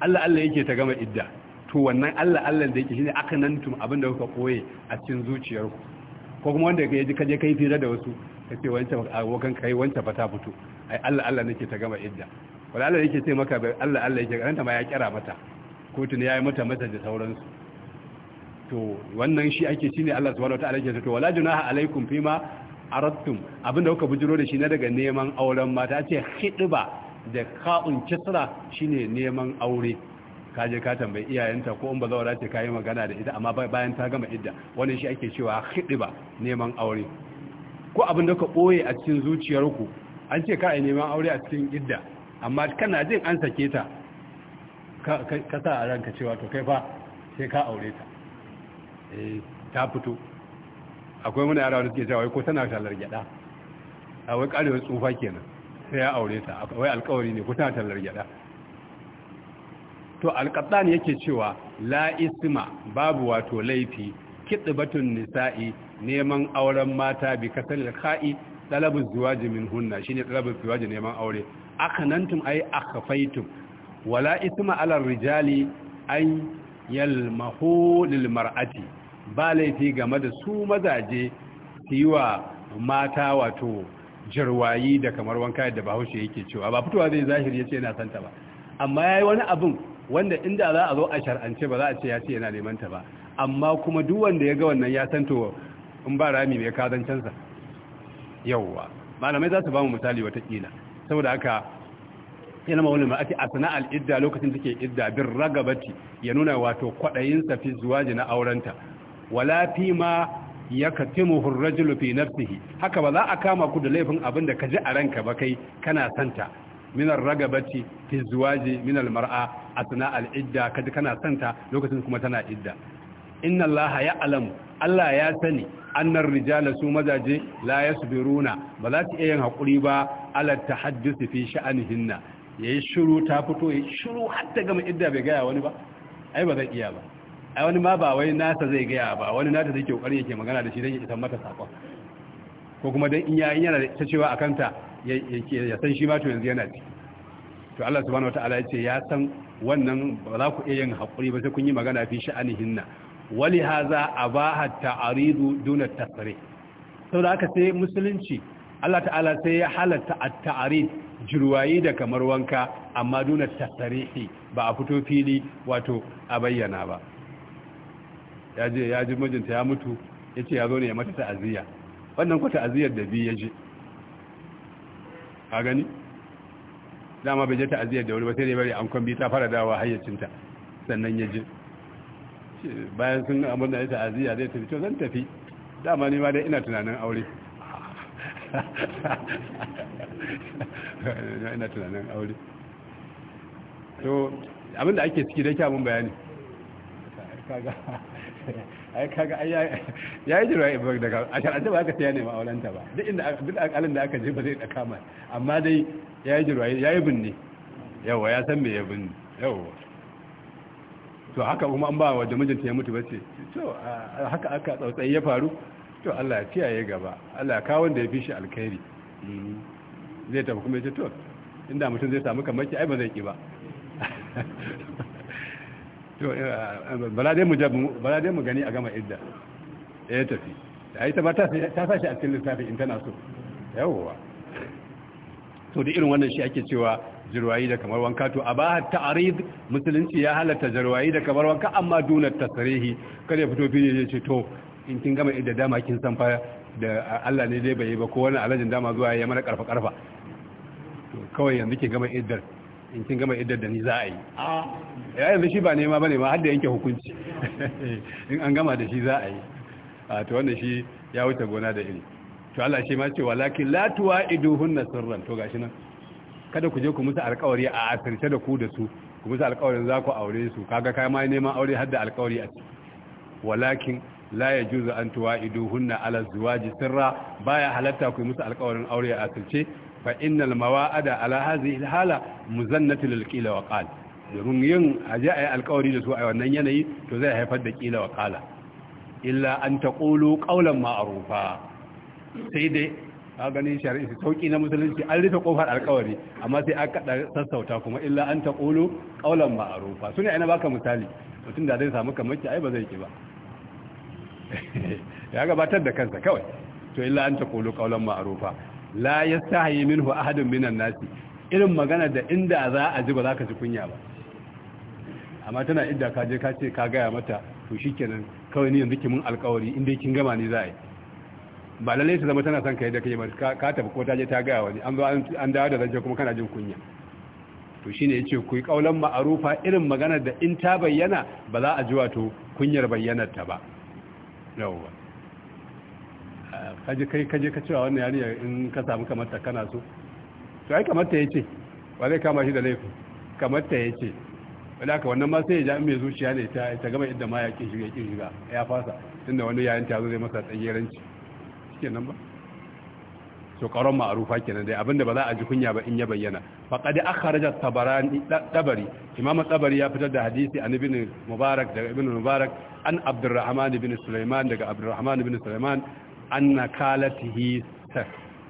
Allah Allah yake ta gama idda to wannan Allah Allah da yake shine aka tun abin da kuka koye a cikin zuciyarku ko kuma wanda ya ji kaje kai fira da wasu ce wancan abokan kai wancan fa ta fito ai Allah Allah nake ta gama idda wala Allah yake ce maka bai Allah Allah yake garanta ma ya kira mata kotu ne yayi mata mata da sauransu to wannan shi ake ne Allah subhanahu wataala yake to wala junaha alaikum fima aradtum abinda kuka bujiro da shi na daga neman auren mata ce hidiba da ka'un kisra shine neman aure ka je ka tambayi iyayenta ko in ba zaura ce kayi magana da ita amma bayan ta gama idda wannan shi ake cewa hidiba neman aure ko abin da ka ɓoye a cikin zuciyarku an ce ka a neman aure a cikin idda amma kana jin an sake ta ka sa a ranka cewa to kai fa sai ka aure ta eh, ta fito akwai muna yara wani suke cewa ko tana talar gyada a wai karewar tsufa kenan sai ya aure ta Akwai alkawari ne ko tana talar gyada to alkatsan yake cewa la isma babu wato laifi kidbatun nisa'i neman auren mata bi da ka'i talabul ziwaji min hunna ne talabul ziwaji neman aure akanantum a akhafaitum wala isma ala rijali an yalmahu lil mar'ati ba laifi game da su mazaje su yi wa mata wato jirwayi da kamar wanka da bahaushe yake cewa ba fitowa zai zahiri ya ce yana santa ba amma ya yi wani abin wanda inda za a zo a shar'ance ba za a ce ya ce yana neman ta ba amma kuma duk wanda ya ga wannan ya santo in ba rami mai kazancansa yawwa malamai za su ba mu misali watakila saboda haka yana mawulin ma'ati a sana'ar idda lokacin take idda bin ragabati ya nuna wato kwaɗayinsa fi zuwaji na aurenta wala fi ma ya katimu hurrajulu fi nafsihi haka ba za a kama ku da laifin abin da ka ji a ranka ba kai kana santa minar ragabati fi zuwaji minar mar'a a sana'ar idda ka ji kana santa lokacin kuma tana idda inna allaha ya alamu allah ya sani annar rijala su mazaje la yasbiruna ba za su iya yin hakuri ba ala tahadduth fi sha'anihinna yayi shiru ta fito yayi shiru har ta gama idda bai gaya wani ba ai ba zai iya ba ai wani ma ba wai nasa zai gaya ba wani nata zai kokari yake magana da shi dan ya isa mata sakon ko kuma dan in yayin yana ta cewa kanta ya san shi ma to yanzu yana ci to Allah subhanahu wataala ya ce ya san wannan ba za ku iya yin hakuri ba sai kun yi magana fi sha'anihinna wali haza a abaha ta'aridu duna sau da aka sai musulunci Allah ta'ala sai ya halatta a taarid jirwayi da kamar wanka amma duna tasiri ba a fito fili wato a bayyana ba yaje yaji mijinta ya mutu yace ya zo ne ya mata ta'aziyya wannan ku ta'aziyyar da ya yaje a gani dama bai je ta'aziyyar da wuri ba sai dai bari an kwambi ta fara dawa hayyacinta sannan ya je. bayan sun abin da ita aziya zai tafi to zan tafi dama ne ma dai ina tunanin aure ina tunanin aure to abinda ake ciki dai kyamun bayani ya yi kaga ibu daga a shar'ance ba aka siya ne ma'aulanta aurenta ba duk inda alin da aka je ba zai daka mai amma dai yayi ya yi binne yawa ya san me ya binne yawa to haka kuma an ba wa da mijinta ya mutu bace to haka aka tsautsayi ya faru to Allah ya kiyaye gaba Allah ya kawo wanda ya fi shi alkhairi mm. zai tafi kuma ya ce to inda mutum zai samu kamar ki ai ba zai ki ba to eh, bala dai mu mu gani a gama idda eh, ya tafi ai ta ba ta sashi a cikin littafin in tana so yawwa to da irin wannan shi ake cewa jirwayi da kamar wanka to a abaha ta'arid musulunci ya halatta jirwayi da kamar wanka amma duna tasrihi kada fito fili ya ce to in kin gama idda dama kin san fa da Allah ne dai bai ba ko wani alajin dama zuwa ya mana karfa karfa to kawai yanzu ke gama iddar in kin gama iddar da ni za a yi a yanzu shi ba nema bane ma har da yanke hukunci in an gama da shi za a yi a to wanda shi ya wuce gona da iri to Allah shi ma ce walakin la tuwa iduhunna sirran to gashi nan kada ku je ku musu alkawari a asirce da ku da su ku musu alkawarin za ku aure su kaga kai ma neman aure har da alkawari a ciki walakin la yajuzu an tuwa'iduhunna ala zuwaji sirra baya halatta ku musu alkawarin aure a asirce fa innal mawa'ada ala hadhihi alhala muzannatu lil qila wa qal domin yin aje ayi alkawari da su a wannan yanayi to zai haifar da qila wa qala illa an taqulu qawlan ma'rufa sai dai ka gani shari'a su sauƙi na musulunci an rufe ƙofar alkawari amma sai an kaɗa sassauta kuma illa an taqulu qawlan ma'rufa sune ina baka misali mutum da zai samu kamar ki ai ba zai ki ba ya gabatar da kansa kawai to illa an ƙolo ƙaunar ma'arufa la ya sa yastahi min ahadun minan nasi irin magana da inda za a ji ba za ka ji kunya ba amma tana inda ka je ka ce ka gaya mata to shikenan kawai ni yanzu kimin alkawari inda kin gama ni za a yi ba lalle su zama tana son ka yadda kai ba ka tafi ko ta je ta gaya wani an zo an dawo da zance kuma kana jin kunya to shine yace ku yi kaulan ma'arufa irin magana da in ta bayyana ba za a ji wato kunyar bayyanar ta ba yawwa kaje kai kaje ka cewa wannan yari in ka samu kamar ta kana so to ai kamar ta yace ba zai kama shi da laifi kamar ta yace wanda ka wannan ma sai ya ja mai zuciya ne ta ta gama inda ma ya ki shiga ya ya fasa tunda wani yayin ta zo zai masa tsageranci kenan ba to ma'arufa kenan dai abinda ba za a ji kunya ba in ya bayyana faqad akhraja tabarani tabari imam tabari ya fitar da hadisi an ibn mubarak daga ibn mubarak an abdurrahman ibn sulaiman daga abdurrahman ibn sulaiman anna kalatihi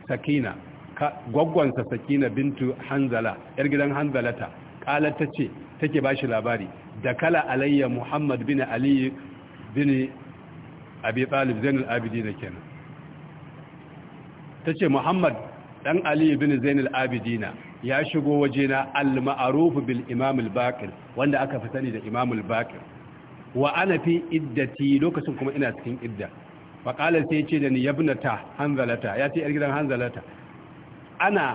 sakina gwaggwansa sakina bintu hanzala yar gidan hanzalata kalar ta ce take ba shi labari da kala alayya muhammad bin ali bin abi talib zainul abidin kenan ta ce muhammad dan ali bin zainul abidina ya shigo wajena al-ma'ruf bil imam al-baqir wanda aka fi sani da imam al-baqir wa ana fi iddati lokacin kuma ina cikin idda fa qala sai ya ce da ni yabnata hanzalata ya ce yar gidan hanzalata ana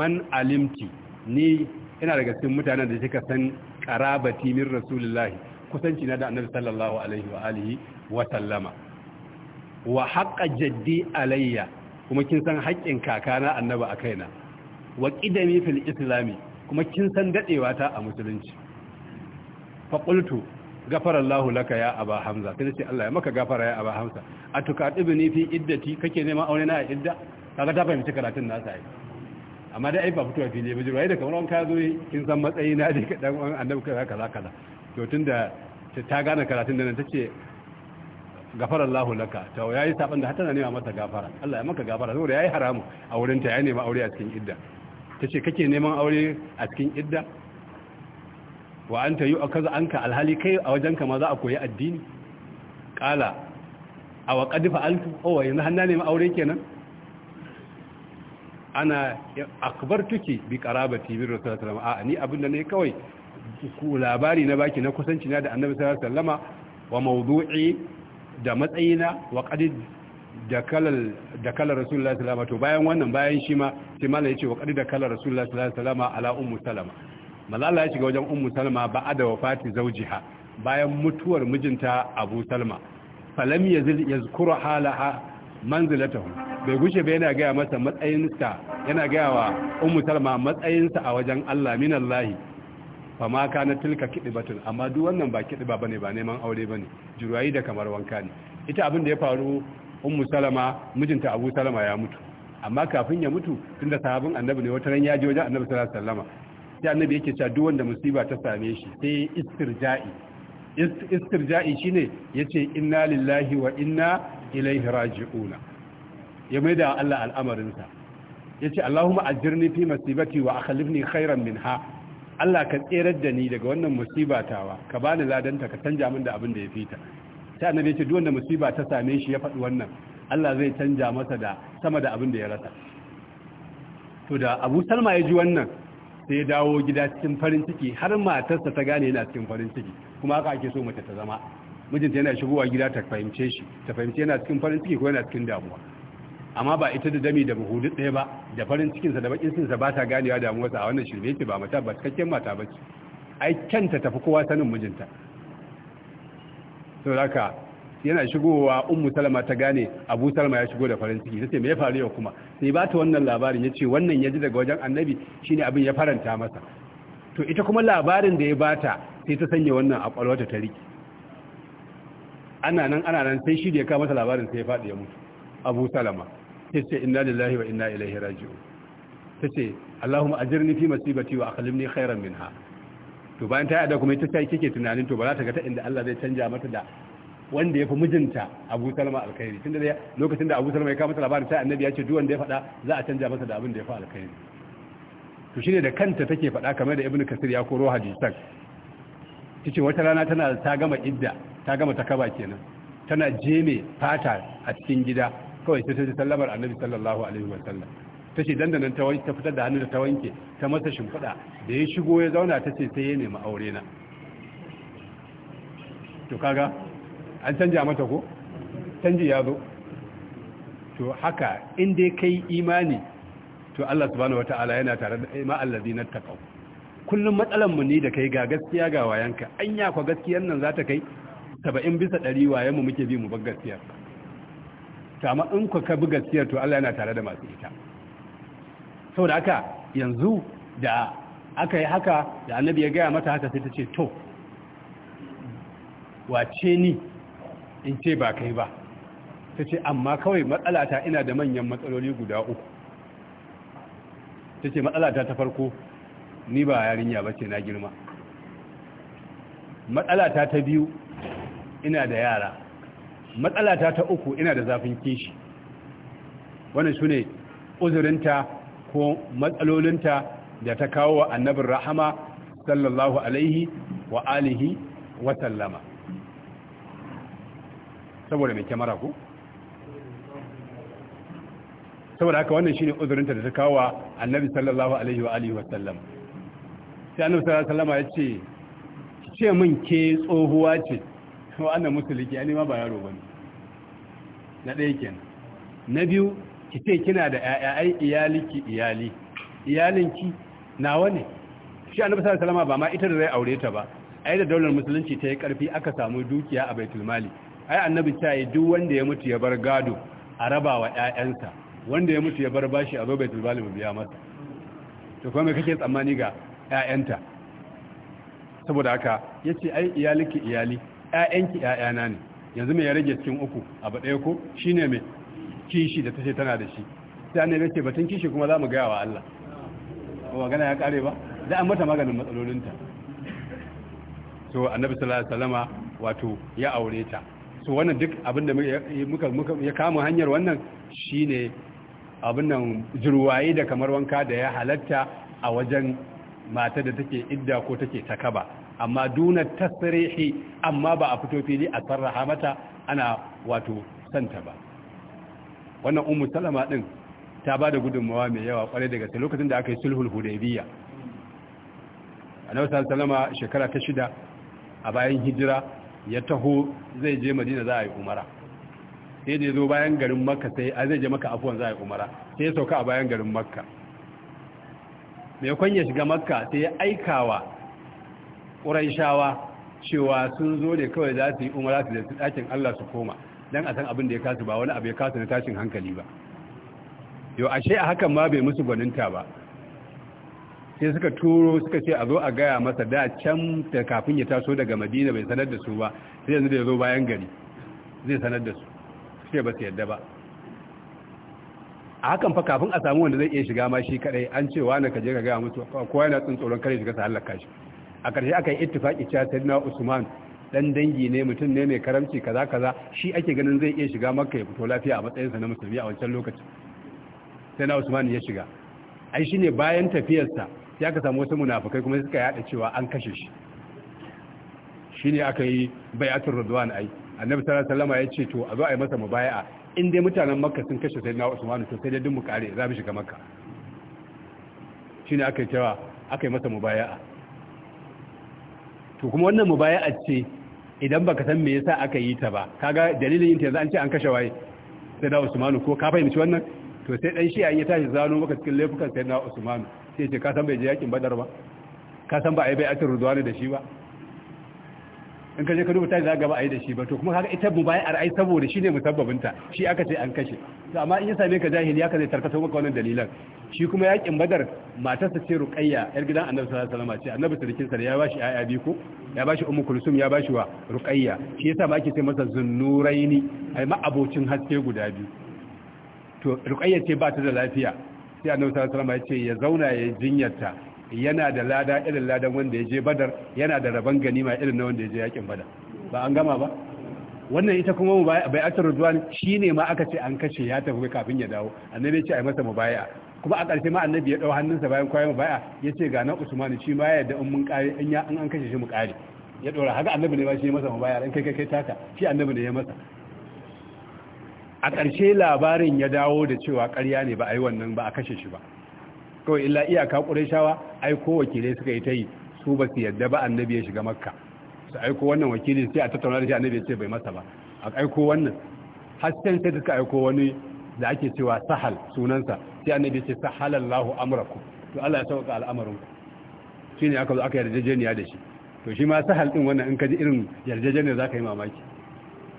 man alimti ni ina daga cikin mutanen da suka san qarabati min rasulullahi kusanci na da annabi sallallahu alaihi wa alihi wa sallama wa haqqa jaddi alayya kuma kin san haƙƙin kakana annaba a kaina wa qidami fil islami kuma kin san dadewa ta a musulunci fa qultu gafara Allahu laka ya aba hamza sai ce Allah ya maka gafara ya aba hamza ni fi iddati kake neman aure na a idda kaga ta fahimci karatun na ai amma dai ai ba a fili ba jira yadda kamar wani ka zo kin san matsayi na dai dan uwan annabi kaza kaza kaza to tunda ta gane karatun da nan tace gafara Allah laka ta yi saban da hata tana nema masa gafara Allah ya maka gafara saboda yi haramu a wurin ta ya nema aure a cikin idda Ta ce kake neman aure a cikin idda wa anta yu'akazu anka alhali kai a wajenka ma za a koyi addini a wa qad fa'altu oh yanzu hanna nema aure kenan ana akbartuki bi qarabati bi rasulullah sallallahu alaihi wasallam a ni abinda ne kawai ku labari na baki na kusanci na da annabi sallallahu alaihi wasallama wa mawdu'i da matsayina wa qadid da kalal da kalar rasulullahi sallallahu alaihi wasallam to bayan wannan bayan shi ma sai malai yace wa qadid da kalar rasulullahi sallallahu alaihi wasallam ala ummu salama malala ya shiga wajen ummu salama ba'ada wafati zawjiha bayan mutuwar mijinta abu salma falam yazkuru halaha manzilatahu bai gushe ba yana gaya masa matsayinsa yana gaya wa ummu salma matsayinsa a wajen Allah minallahi fa ma kana tilka kidibatun amma duk wannan ba kidiba bane ba neman aure ne jurayi da kamar wanka ne ita abin da ya faru ummu salama mijinta abu salama ya mutu amma kafin ya mutu tunda sahabin annabi ne wata ran ya je wajen annabi sallallahu alaihi wasallam sai annabi yake cewa duk wanda musiba ta same shi sai istirja'i istirja'i shine yace inna lillahi wa inna ilaihi raji'una ya maida Allah al'amarinsa yace Allahumma ajirni fi masibati wa akhlifni khairan minha Allah ka tserar da ni daga wannan musiba tawa ka bani ladanta ka canja min da abin da ya fita sai annabi ce duk wanda musiba ta same shi ya faɗi wannan Allah zai canja masa da sama da abin da ya rasa to da Abu Salma ya ji wannan sai ya dawo gida cikin farin ciki har matarsa ta gane yana cikin farin ciki kuma haka ake so mace ta zama mijinta yana shigowa gida ta fahimce shi ta fahimce yana cikin farin ciki ko yana cikin damuwa amma ba ita da dami da buhudu ɗaya ba da farin cikinsa da bakin sinsa ba ta ganewa wasa a wannan shirme ce ba mata ba cikakken mata ba ce ai kyanta tafi kowa sanin mijinta to haka yana shigowa ummu salama ta gane abu salama ya shigo da farin ciki tace me ya faru yau kuma sai ba ta wannan labarin yace wannan ya ji daga wajen annabi shine abin ya faranta masa to ita kuma labarin da ya bata sai ta sanya wannan a kwalwata ta riki ana nan ana nan sai shi da ya kawo masa labarin sai ya faɗi ya mutu abu salama ta ce inna lillahi wa inna ilaihi raji'un ta ce Allahumma ajirni fi masibati wa akhlimni khairan minha to bayan ta yada kuma ita sai kike tunanin to ba za ta ga ta inda Allah zai canja mata da wanda ya fi mijinta Abu Salma alkhairi tunda lokacin da Abu Salma ya kawo mata labarin sai annabi ya ce duk wanda ya faɗa za a canja masa da abin da ya fi alkhairi to shine da kanta take faɗa kamar da Ibn Kasir ya koro hadisan tace wata rana tana ta gama idda ta gama takaba kenan tana jeme fata a cikin gida kawai ta ce sallamar annabi sallallahu alaihi wasallam ta ce dandanan ta wanke ta fitar da hannu da ta wanke ta masa shimfida da ya shigo ya zauna ta ce sai ya nemi aure na to kaga an canja mata ko canji ya zo to haka in dai kai imani to Allah subhanahu wataala yana tare da ma allazina taqaw kullum matsalan mu ne da kai ga gaskiya ga wayanka anya ko gaskiyar nan za ta kai 70 bisa 100 wayanmu muke bi mu bar gaskiya to amma in ku ka bi gaskiyar to Allah yana tare da masu ita saboda haka yanzu da aka yi haka da annabi ya gaya mata haka sai ta ce to wace ni in ce ba kai ba ta ce amma kawai matsalata ina da manyan matsaloli guda uku ta ce matsalata ta farko ni ba yarinya ba ce na girma matsalata ta biyu ina da yara matsalata ta uku ina da zafin kishi wannan su ne uzurinta ko matsalolinta da ta kawo wa annabin rahama sallallahu alaihi wa alihi wa sallama saboda mai kyamara ku saboda haka wannan shine uzurinta da ta kawo wa annabi sallallahu alaihi wa alihi wa sallama sai annabi sallallahu alaihi wa sallama ya ce ce min ke tsohuwa ce wa'annan musuliki ya nema ba yaro ba ne na ɗaya kenan na biyu ki ce kina da ai ki iyali iyalinki nawa ne shi annabi sallallahu alaihi wasallam ba ma ita da zai aure ta ba ai da daular musulunci ta yi karfi aka samu dukiya a baitul mali ai annabi ta yi duk wanda ya mutu ya bar gado a raba wa ƴaƴansa wanda ya mutu ya bar bashi a baitul mali mu biya masa to kuma me kake tsammani ga ƴaƴanta saboda haka yace ai iyaliki iyali ƴaƴanki ƴaƴana ne yanzu me ya rage cikin uku abu ɗaya ko shine mai kishi da ta ce tana da shi sai annabi ce batun kishi kuma za mu gaya wa Allah ba magana ya kare ba za a mata maganin matsalolinta so annabi sallallahu alaihi wasallama wato ya aure ta so wannan duk abin da muka muka ya kama hanyar wannan shine abin nan jirwaye da kamar wanka da ya halatta a wajen mata da take idda ko take takaba amma duna tasrihi amma ba a fito fili a sarraha mata ana wato santa ba wannan ummu salama din ta ba da gudunmawa mai yawa kwarai daga sai lokacin da aka yi sulhul hudaybiya annabi salama shekara ta shida a bayan hijira ya taho zai je madina za a yi umara sai da zo bayan garin makka sai a zai je maka afuwan za a yi umara sai ya sauka a bayan garin makka mai kwan ya shiga makka sai ya aikawa ƙuraishawa cewa sun zo ne kawai za su yi umara su da ɗakin Allah su koma don a san abin da ya kasu ba wani abu ya kasu na tashin hankali ba yau ashe a hakan ma bai musu gwaninta ba sai suka turo suka ce a zo a gaya masa da can da kafin ya taso daga madina bai sanar da su ba sai yanzu da ya zo bayan gari zai sanar da su sai ba su yadda ba a hakan fa kafin a samu wanda zai iya shiga ma shi kadai an ce wani ka je ka gaya musu kowa yana tsuntsoron kare shiga su hallaka shi a ƙarshe aka yi ittifaki cewa sayyidina usman dan dangi ne mutum ne mai karamci kaza kaza shi ake ganin zai iya shiga makka ya fito lafiya a matsayinsa na musulmi a wancan lokacin na usman ya shiga ai shine bayan tafiyarsa ya aka samu wasu munafukai kuma suka yada cewa an kashe shi shine aka yi bai'atul ridwan ai annabi sallallahu alaihi wasallam ya ce to a zo a yi masa mubaya'a in dai mutanen makka sun kashe na usman to sai dai dun mu kare za mu shiga makka shine aka yi cewa aka yi masa mubaya'a to kuma wannan mubaya'a ce idan baka san me yasa aka yi ta ba kaga dalilin yin ta yanzu an ce an kashe waye sai da Usmanu ko ka fahimci wannan to sai dan shi ya tashi zano maka cikin laifukan sai na Usmanu sai ce ka san bai je yakin Badar ba ka san ba ai bai atir Ridwan da shi ba in ka je ka rubuta za ka gaba a yi da shi ba to kuma kaga ita mubayar ai saboda shi ne musabbabinta shi aka ce an kashe to amma in ya same ka jahili haka zai tarkato maka wannan dalilan shi kuma yakin badar matarsa ce ruqayya yar gidan annabi sallallahu alaihi wasallam ce annabi sarkin sa ya bashi aya bi ko ya bashi ummu kulsum ya bashi wa ruqayya shi yasa ma ake ce masa zunnuraini ai ma abocin haske guda biyu to ruqayya ce ba ta da lafiya sai annabi sallallahu alaihi wasallam ya ce ya zauna ya jinyarta yana da lada irin ladan wanda ya je badar yana da rabon ganima irin na wanda ya je yakin badar ba an gama ba wannan ita kuma bai atar shine shi ne ma aka ce an kashe ya tafi kafin ya dawo annabi ya ce a masa mubaya kuma a ƙarshe ma annabi ya ɗau hannunsa bayan kwayan mubaya ya ce ga nan usmani shi ma ya da in mun kare in ya an kashe shi mu kare ya ɗora haka annabi ne ba shi ya masa mubaya dan kai kai kai taka shi annabi ne ya masa a ƙarshe labarin ya dawo da cewa ƙarya ne ba a yi wannan ba a kashe shi ba kawai illa iyaka ai aiko wakilai suka yi ta yi su ba su yadda ba annabi ya shiga makka su aiko wannan wakili sai a tattauna da shi annabi ya ce bai masa ba a aiko wannan har sai sai suka aiko wani da ake cewa sahal sunansa sai annabi ya ce sahalallahu amrakum to Allah ya sauka ku shine aka zo aka yarjejeniya da shi to shi ma sahal din wannan in ka ji irin yarjejeniya zaka yi mamaki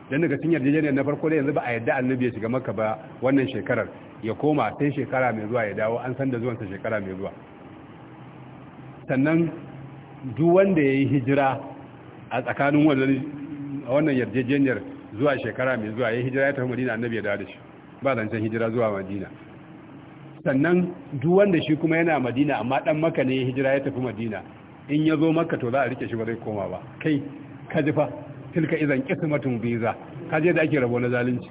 dan daga cikin yarjejeniyar na farko da yanzu ba a yadda annabi ya shiga makka ba wannan shekarar ya koma sai shekara mai zuwa ya dawo an san da zuwansa shekara mai zuwa sannan duk wanda ya yi hijira a tsakanin wannan yarjejeniyar zuwa shekara mai zuwa ya yi hijira ya tafi madina annabi ya dawo da shi ba zancen hijira zuwa madina sannan duk wanda shi kuma yana madina amma dan maka ne ya hijira ya tafi madina in ya zo maka to za a rike shi ba zai koma ba kai ka jifa. fa tilka izan kismatun biza kaje da ake rabo na zalunci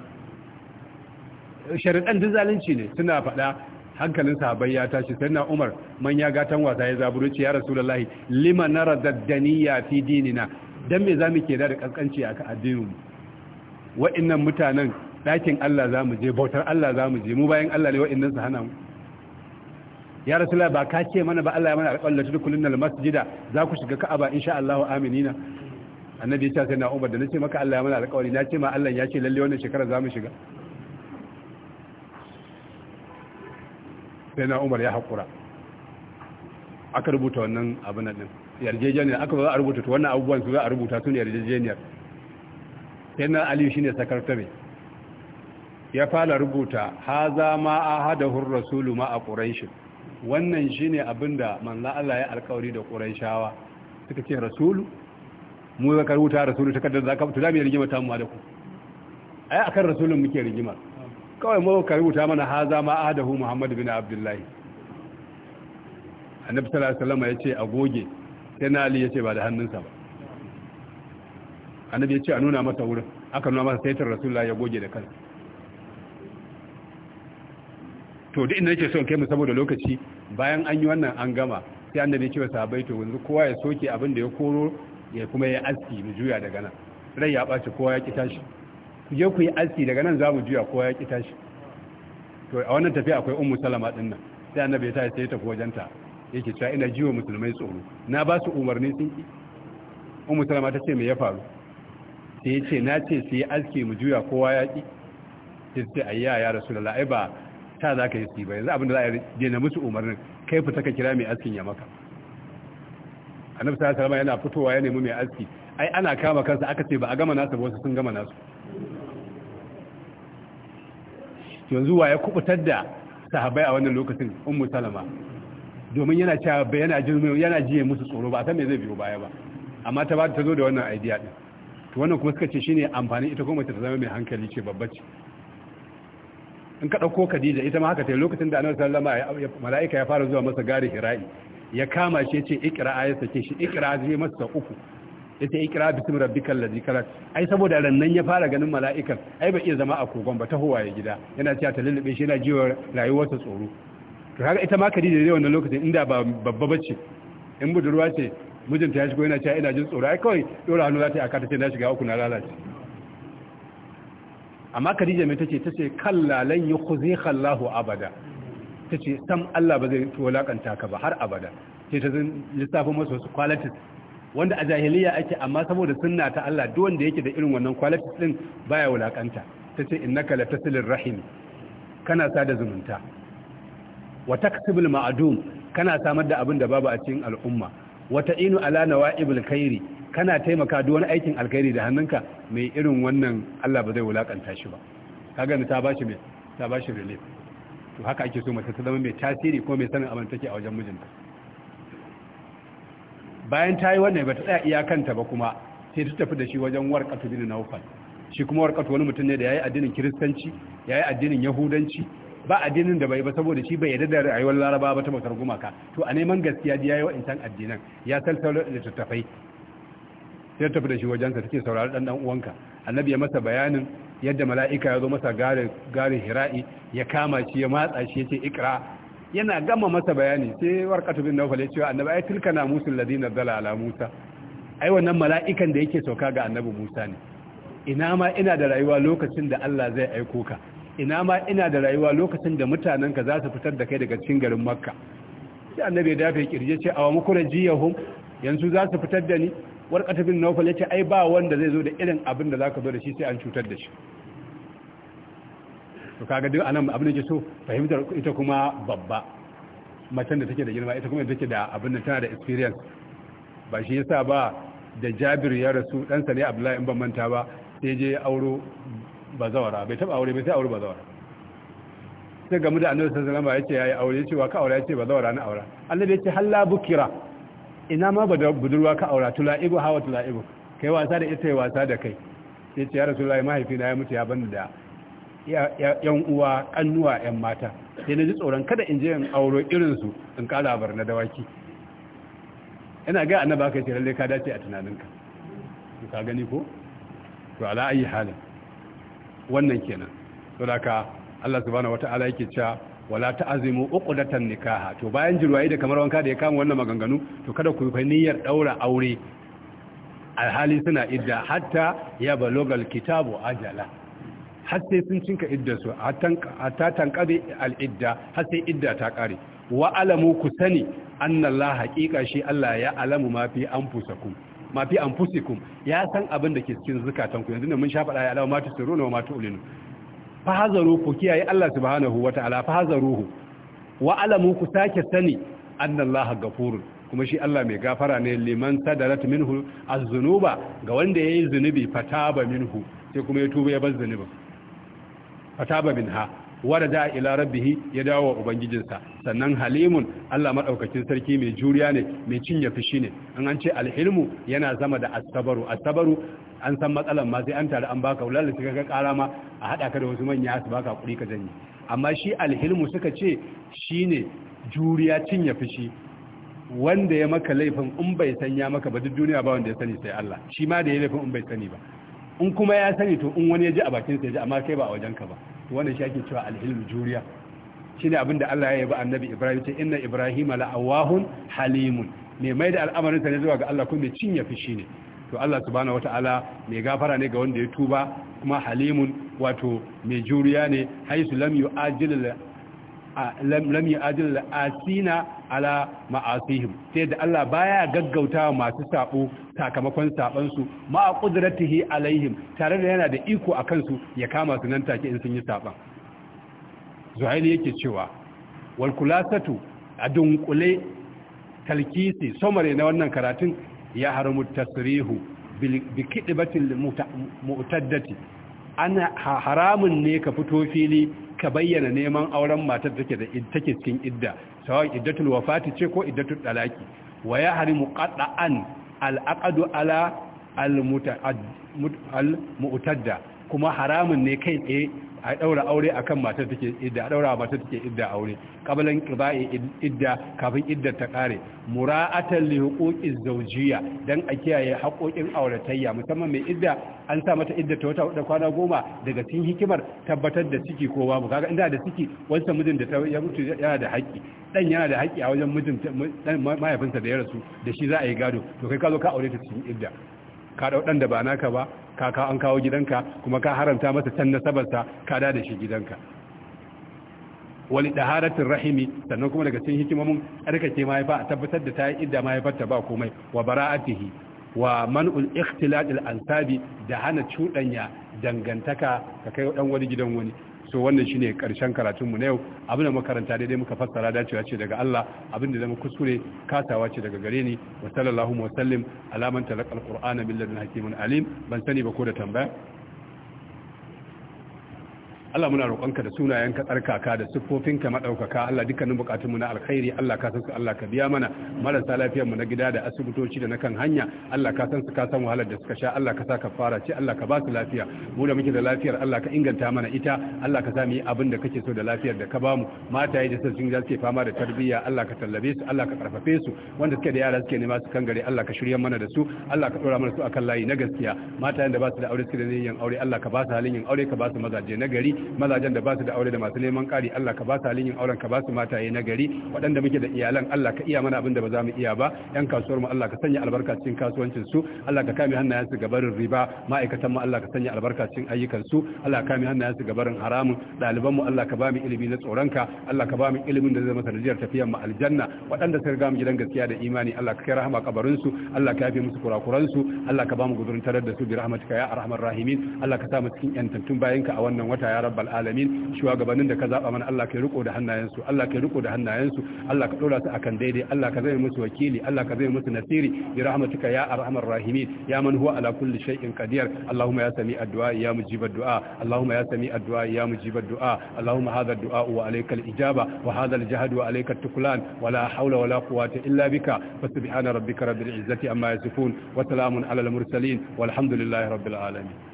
sharidan duk zalunci ne suna faɗa hankalin sahabbai ya tashi sai na Umar man ya gatan wasa ya zaburuci ya Rasulullahi lima nara daddaniya fi dinina dan me zamu ke da kankanci a addinin mu wa'annan mutanen dakin Allah zamu je bautar Allah zamu je mu bayan Allah ne wa'annan su hana mu ya rasulullahi ba ka ce mana ba Allah ya mana alƙalla tudkulun al masjida za ku shiga Ka'aba insha Allah aminina annabi ya ce sai na umar da na ce maka Allah ya mana alƙawari na ce ma Allah ya ce lalle wannan shekara za mu shiga sai na umar ya haƙura aka rubuta wannan abin nan yarjejeniyar aka za a rubuta to wannan abubuwan su za a rubuta su ne yarjejeniyar sai na ali aliyu shine sakartare ya fara rubuta ha za ma a hada ahadahu rasulu ma a quraish wannan shine abinda manzo Allah ya alƙawari da quraishawa suka ce rasulu mu zaka rubuta ta takardar zaka to zamu rigima ta mu da ku ai akan rasulun muke rigima kawai mu ka rubuta mana haza ma ahadahu muhammad bin abdullahi annabi sallallahu alaihi wasallam yace agoge sai na ali yace ba da hannunsa ba annabi yace a nuna masa wurin aka nuna masa saitar rasulullahi ya goge da kan to duk inda yake son kai mu saboda lokaci bayan an yi wannan an gama sai annabi ya ce wa sahabbai to yanzu kowa ya soke abin da ya koro ya kuma ya aski mu juya daga nan rai ya ɓace kowa ya ƙi tashi ku je ku yi aski daga nan za mu juya kowa ya ƙi tashi to a wannan tafiya akwai ummu salama din nan sai annabi ya tashi sai ya tafi wajenta yake cewa ina jiwa musulmai tsoro na ba su umarni sun ki ummu salama ta ce me ya faru sai ya ce na ce su yi aski mu juya kowa ya ƙi sai ce ayya ya rasulullah ai ba ta za ka yi su ba yanzu abinda za a daina musu umarnin kai fita ka kira mai askin ya maka annabi sallallahu alaihi yana fitowa ya nemi mai aski ai ana kama kansa aka ce ba a gama nasu ba wasu sun gama nasu yanzu wa ya kubutar da sahabbai a wannan lokacin ummu salama domin yana cewa yana jin yana jiye musu tsoro ba a san me zai biyo baya ba amma ta ba ta zo da wannan idea din to wannan kuma suka ce shine amfani ita kuma ta zama mai hankali ce babba ce in ka dauko Khadija ita ma haka ta lokacin da Annabi sallallahu alaihi wasallam mala'ika ya fara zuwa masa gari Hira'i ya kama shi ce ikra ya sake shi Ikira zai masa uku yace Ikira bismi rabbikal ladzi khalaq ai saboda rannan ya fara ganin mala'ikan ai ba iya zama a kogon ba ta ya gida yana cewa ta lullube shi yana jiwa rayuwarsa tsoro to haka ita ma Khadija zai wannan lokacin inda ba babba bace in budurwa ce mijinta ya shigo yana cewa ina jin tsoro ai kawai dora hannu za ta aka ta ce na shiga uku na lalace amma Khadija mai tace tace kalla lan yukhziha Allahu abada ta ce sam Allah ba zai walakanta ka ba har abada ce ta zan lissafin masu wasu qualities wanda a jahiliya ake amma saboda sunna ta Allah duk wanda yake da irin wannan qualities din baya walakanta ta ce innaka latasilir rahim kana sada zumunta wa taksibul ma'dum kana samar da abin da babu a cikin al'umma wa ta'inu ala nawa'ibul khairi kana taimaka duk wani aikin alkhairi da hannunka mai irin wannan Allah ba zai wulakanta shi ba kaga ta bashi mai ta bashi relief to haka ake so mace ta zama mai tasiri ko mai sanin abin a wajen mijinta bayan ta yi wannan ba ta tsaya iyakanta ba kuma sai ta tafi da shi wajen warkatu bin naufal shi kuma warkatu wani mutum ne da ya yi addinin kiristanci ya yi addinin yahudanci ba addinin da bai ba saboda shi bai yarda da rayuwar laraba ba ta masar gumaka to a neman gaskiya ya yi wa'incan addinan ya salsalo da tattafai sai ta tafi da shi wajensa take saurari ɗan uwanka annabi ya masa bayanin yadda mala'ika ya zo masa garin hira'i ya kama shi ya matsa shi ya ce ikra yana gama masa bayani sai war katubin na ya cewa annaba ya tilka na musul ladina zala ala musa ai wannan mala'ikan da yake sauka ga annabi musa ne ina ma ina da rayuwa lokacin da Allah zai aiko ka ina ma ina da rayuwa lokacin da mutanenka za su fitar da kai daga cikin garin makka sai annabi ya dafe kirje ce awa muku jiyahum yanzu za su fitar da ni warqata bin ya ce ai ba wanda zai zo da irin abin da zaka zo da shi sai an cutar da shi to kaga duk anan abin da ke so fahimtar ita kuma babba macen da take da girma ita kuma take da abin da tana da experience ba shi yasa ba da Jabir ya rasu dan sa ne Abdullahi in ban manta ba sai je auro bazawara bai taba aure bai sai aure bazawara sai gamu da Annabi sallallahu alaihi wasallam yace yayi aure wa ka aure yace bazawara na aura Annabi yace halla bukira ina ma ba budurwa ka aura tula'ibu hawa tula'ibu kai wasa da ita ya wasa da kai sai ce ya mahaifi mahaifina ya mutu ya bani da yan uwa kannuwa yan mata sai na ji tsoron kada in je in auro irinsu in kala bar na dawaki ina ga annaba kai ce lalle ka dace a tunaninka ka gani ko to ala ayi halin wannan kenan saboda Allah subhanahu wataala yake cewa wala uku uqdatan nikaha to bayan jirwaye da kamar wanka da ya kama wannan maganganu to kada ku yi niyyar daura aure alhali suna idda hatta ya balogal kitabu ajala har sun cinka idda su hatta tankade al'idda har idda ta kare wa alamu ku sani annallah haqiqa shi Allah ya alamu ma fi anfusakum ma fi anfusikum ya san abin da ke cikin zukatanku yanzu ne mun sha faɗa ya alamu ma tusiruna wa ma tu'linu fahazaru ku kiyaye Allah subhanahu wata'ala fahazaruhu wa alamu ku sake sani annallaha ghafurun kuma shi Allah mai gafara ne liman sadarat minhu az-zunuba ga wanda yayi zunubi fataba minhu sai kuma ya tuba ya bar zunubin fataba minha warada ila rabbih ya dawo ubangijinsa sannan halimun Allah madaukakin sarki mai juriya ne mai cinye fishi ne an an ce alhilmu yana zama da asabaru asabaru an san matsalan ma sai an tare an baka wulalla suka ga kara ma a hada ka da wasu manya su baka kuɗi ka janye amma shi alhilmu suka ce shine juriya cinye fushi wanda ya maka laifin in bai san ya maka ba duk duniya ba wanda ya sani sai Allah shi ma da ya laifin in bai sani ba in kuma ya sani to in wani ya ji a bakin sa ya ji amma kai ba a wajen ka ba to wannan shi ake cewa alhilmu juriya shine abin da Allah ya yaba annabi Ibrahim ce inna Ibrahim la'awahun halimun ne mai da al'amarin sa ne zuwa ga Allah kuma cinye fushi ne to Allah subhanahu wata'ala mai gafara ne ga wanda ya tuba kuma halimun wato mai juriya ne haisu lam yu'ajil asina ala ma'asihim sai da Allah baya gaggauta masu sabo sakamakon saɓansu, ma'a ma alaihim tare da yana da iko a kansu ya kama su nan take in sun yi saban zuhaili yake cewa walkulasatu a dunkule talkisi somare na wannan karatun ya haramu tasrihu bi kidibatin mu'taddati ana haramun ne ka fito fili ka bayyana neman auren matar take da take cikin idda sawa iddatul wafati ce ko iddatul talaki wa ya harimu qat'an al-aqdu ala al-mu'tadda kuma haramun ne kai tsaye a daura aure akan matar take idda a daura matar take idda aure qablan qida'i idda kafin iddar ta kare mura'atan li huquqiz zawjiyya dan a kiyaye haƙoƙin auratayya musamman mai idda an sa mata idda ta wata da kwana goma daga cikin hikimar tabbatar da ciki ko babu kaga inda da ciki wancan mijin da ya mutu yana da haƙƙi dan yana da haƙƙi a wajen mijin dan mahaifinsa da ya rasu da shi za a yi gado to kai ka zo ka aure ta cikin idda ka dau dan da ba naka ba ka kawo an kawo gidanka kuma ka haramta masa can nasabarsa ka da da shi gidanka wani daharatin rahimi sannan kuma daga cin hikimomin tsarkake mahaifa a tabbatar da ta yi idda mahaifarta ba komai wa bara'atihi wa man'ul ikhtilat al ansabi da hana cuɗanya dangantaka ka kai ɗan wani gidan wani so wannan shine karshen karatunmu na yau abin da makaranta daidai muka fassara dacewa ce daga Allah abin da zama kuskure katawa ce daga gare ni wa sallallahu wa sallim alaman talaqal qur'ana min ladun hakimin alim ban sani ba ko da tambaya Allah muna roƙonka da sunayen sunayenka tsarkaka da siffofinka maɗaukaka. Allah dukkanin bukatunmu na alkhairi Allah ka san su Allah ka biya mana marasa lafiyar mu na gida da asibitoci da na kan hanya Allah ka san su ka san wahalar da suka sha Allah ka sa ka fara ce Allah ka ba su lafiya mu da muke da lafiyar Allah ka inganta mana ita Allah ka sa mu yi abin da kake so da lafiyar da ka ba mu mataye da sun za suke fama da tarbiyya Allah ka tallabe su Allah ka karfafe su wanda suke da yara suke nema su kan gare Allah ka shirya mana da su Allah ka dora mana su akan layi na gaskiya matayen da ba su da aure suke da aure Allah ka ba su halin yin aure ka ba su mazaje na gari mazajen da ba su da aure da masu neman ƙari Allah ka ba su halin yin auren ka ba su mataye na gari waɗanda muke da iyalan Allah ka iya mana abin da ba za mu iya ba yan kasuwar mu Allah ka sanya albarka cikin kasuwancin su Allah ka kame hannayen su gabarin riba ma'aikatan mu Allah ka sanya albarka cikin ayyukan su Allah ka kame hannayen su gabarin haramun ɗaliban mu Allah ka ba mu ilimi na tsoronka Allah ka ba mu ilimin da zai masa rijiyar tafiyar mu aljanna waɗanda suka ga mu gidan gaskiya da imani Allah ka kai rahama kabarin su Allah ka yafe musu kurakuran su Allah ka ba mu gudurin tarar da su bi rahmatika ya arhamar rahimin Allah ka sa mu cikin tantun bayanka a wannan wata ya rabbal alamin shugabannin da ka zaba mana Allah kai riko da hannayensu Allah kai riko da hannayensu Allah ka dora su akan daidai Allah ka zai musu wakili Allah ka zai musu nasiri bi rahmatika ya arhamar rahimin ya man huwa ala kulli shay'in qadir Allahumma ya sami addu'a ya mujib addu'a Allahumma ya sami addu'a ya mujib addu'a Allahumma hadha addu'a wa alayka al-ijaba wa hadha al-jahd wa alayka at-tuklan wa la hawla wa la quwwata illa bika fasubhana rabbika rabbil izzati amma yasifun wa salamun ala al-mursalin والحمد لله رب العالمين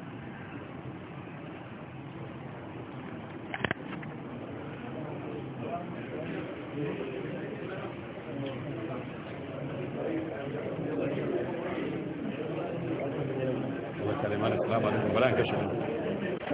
an kashe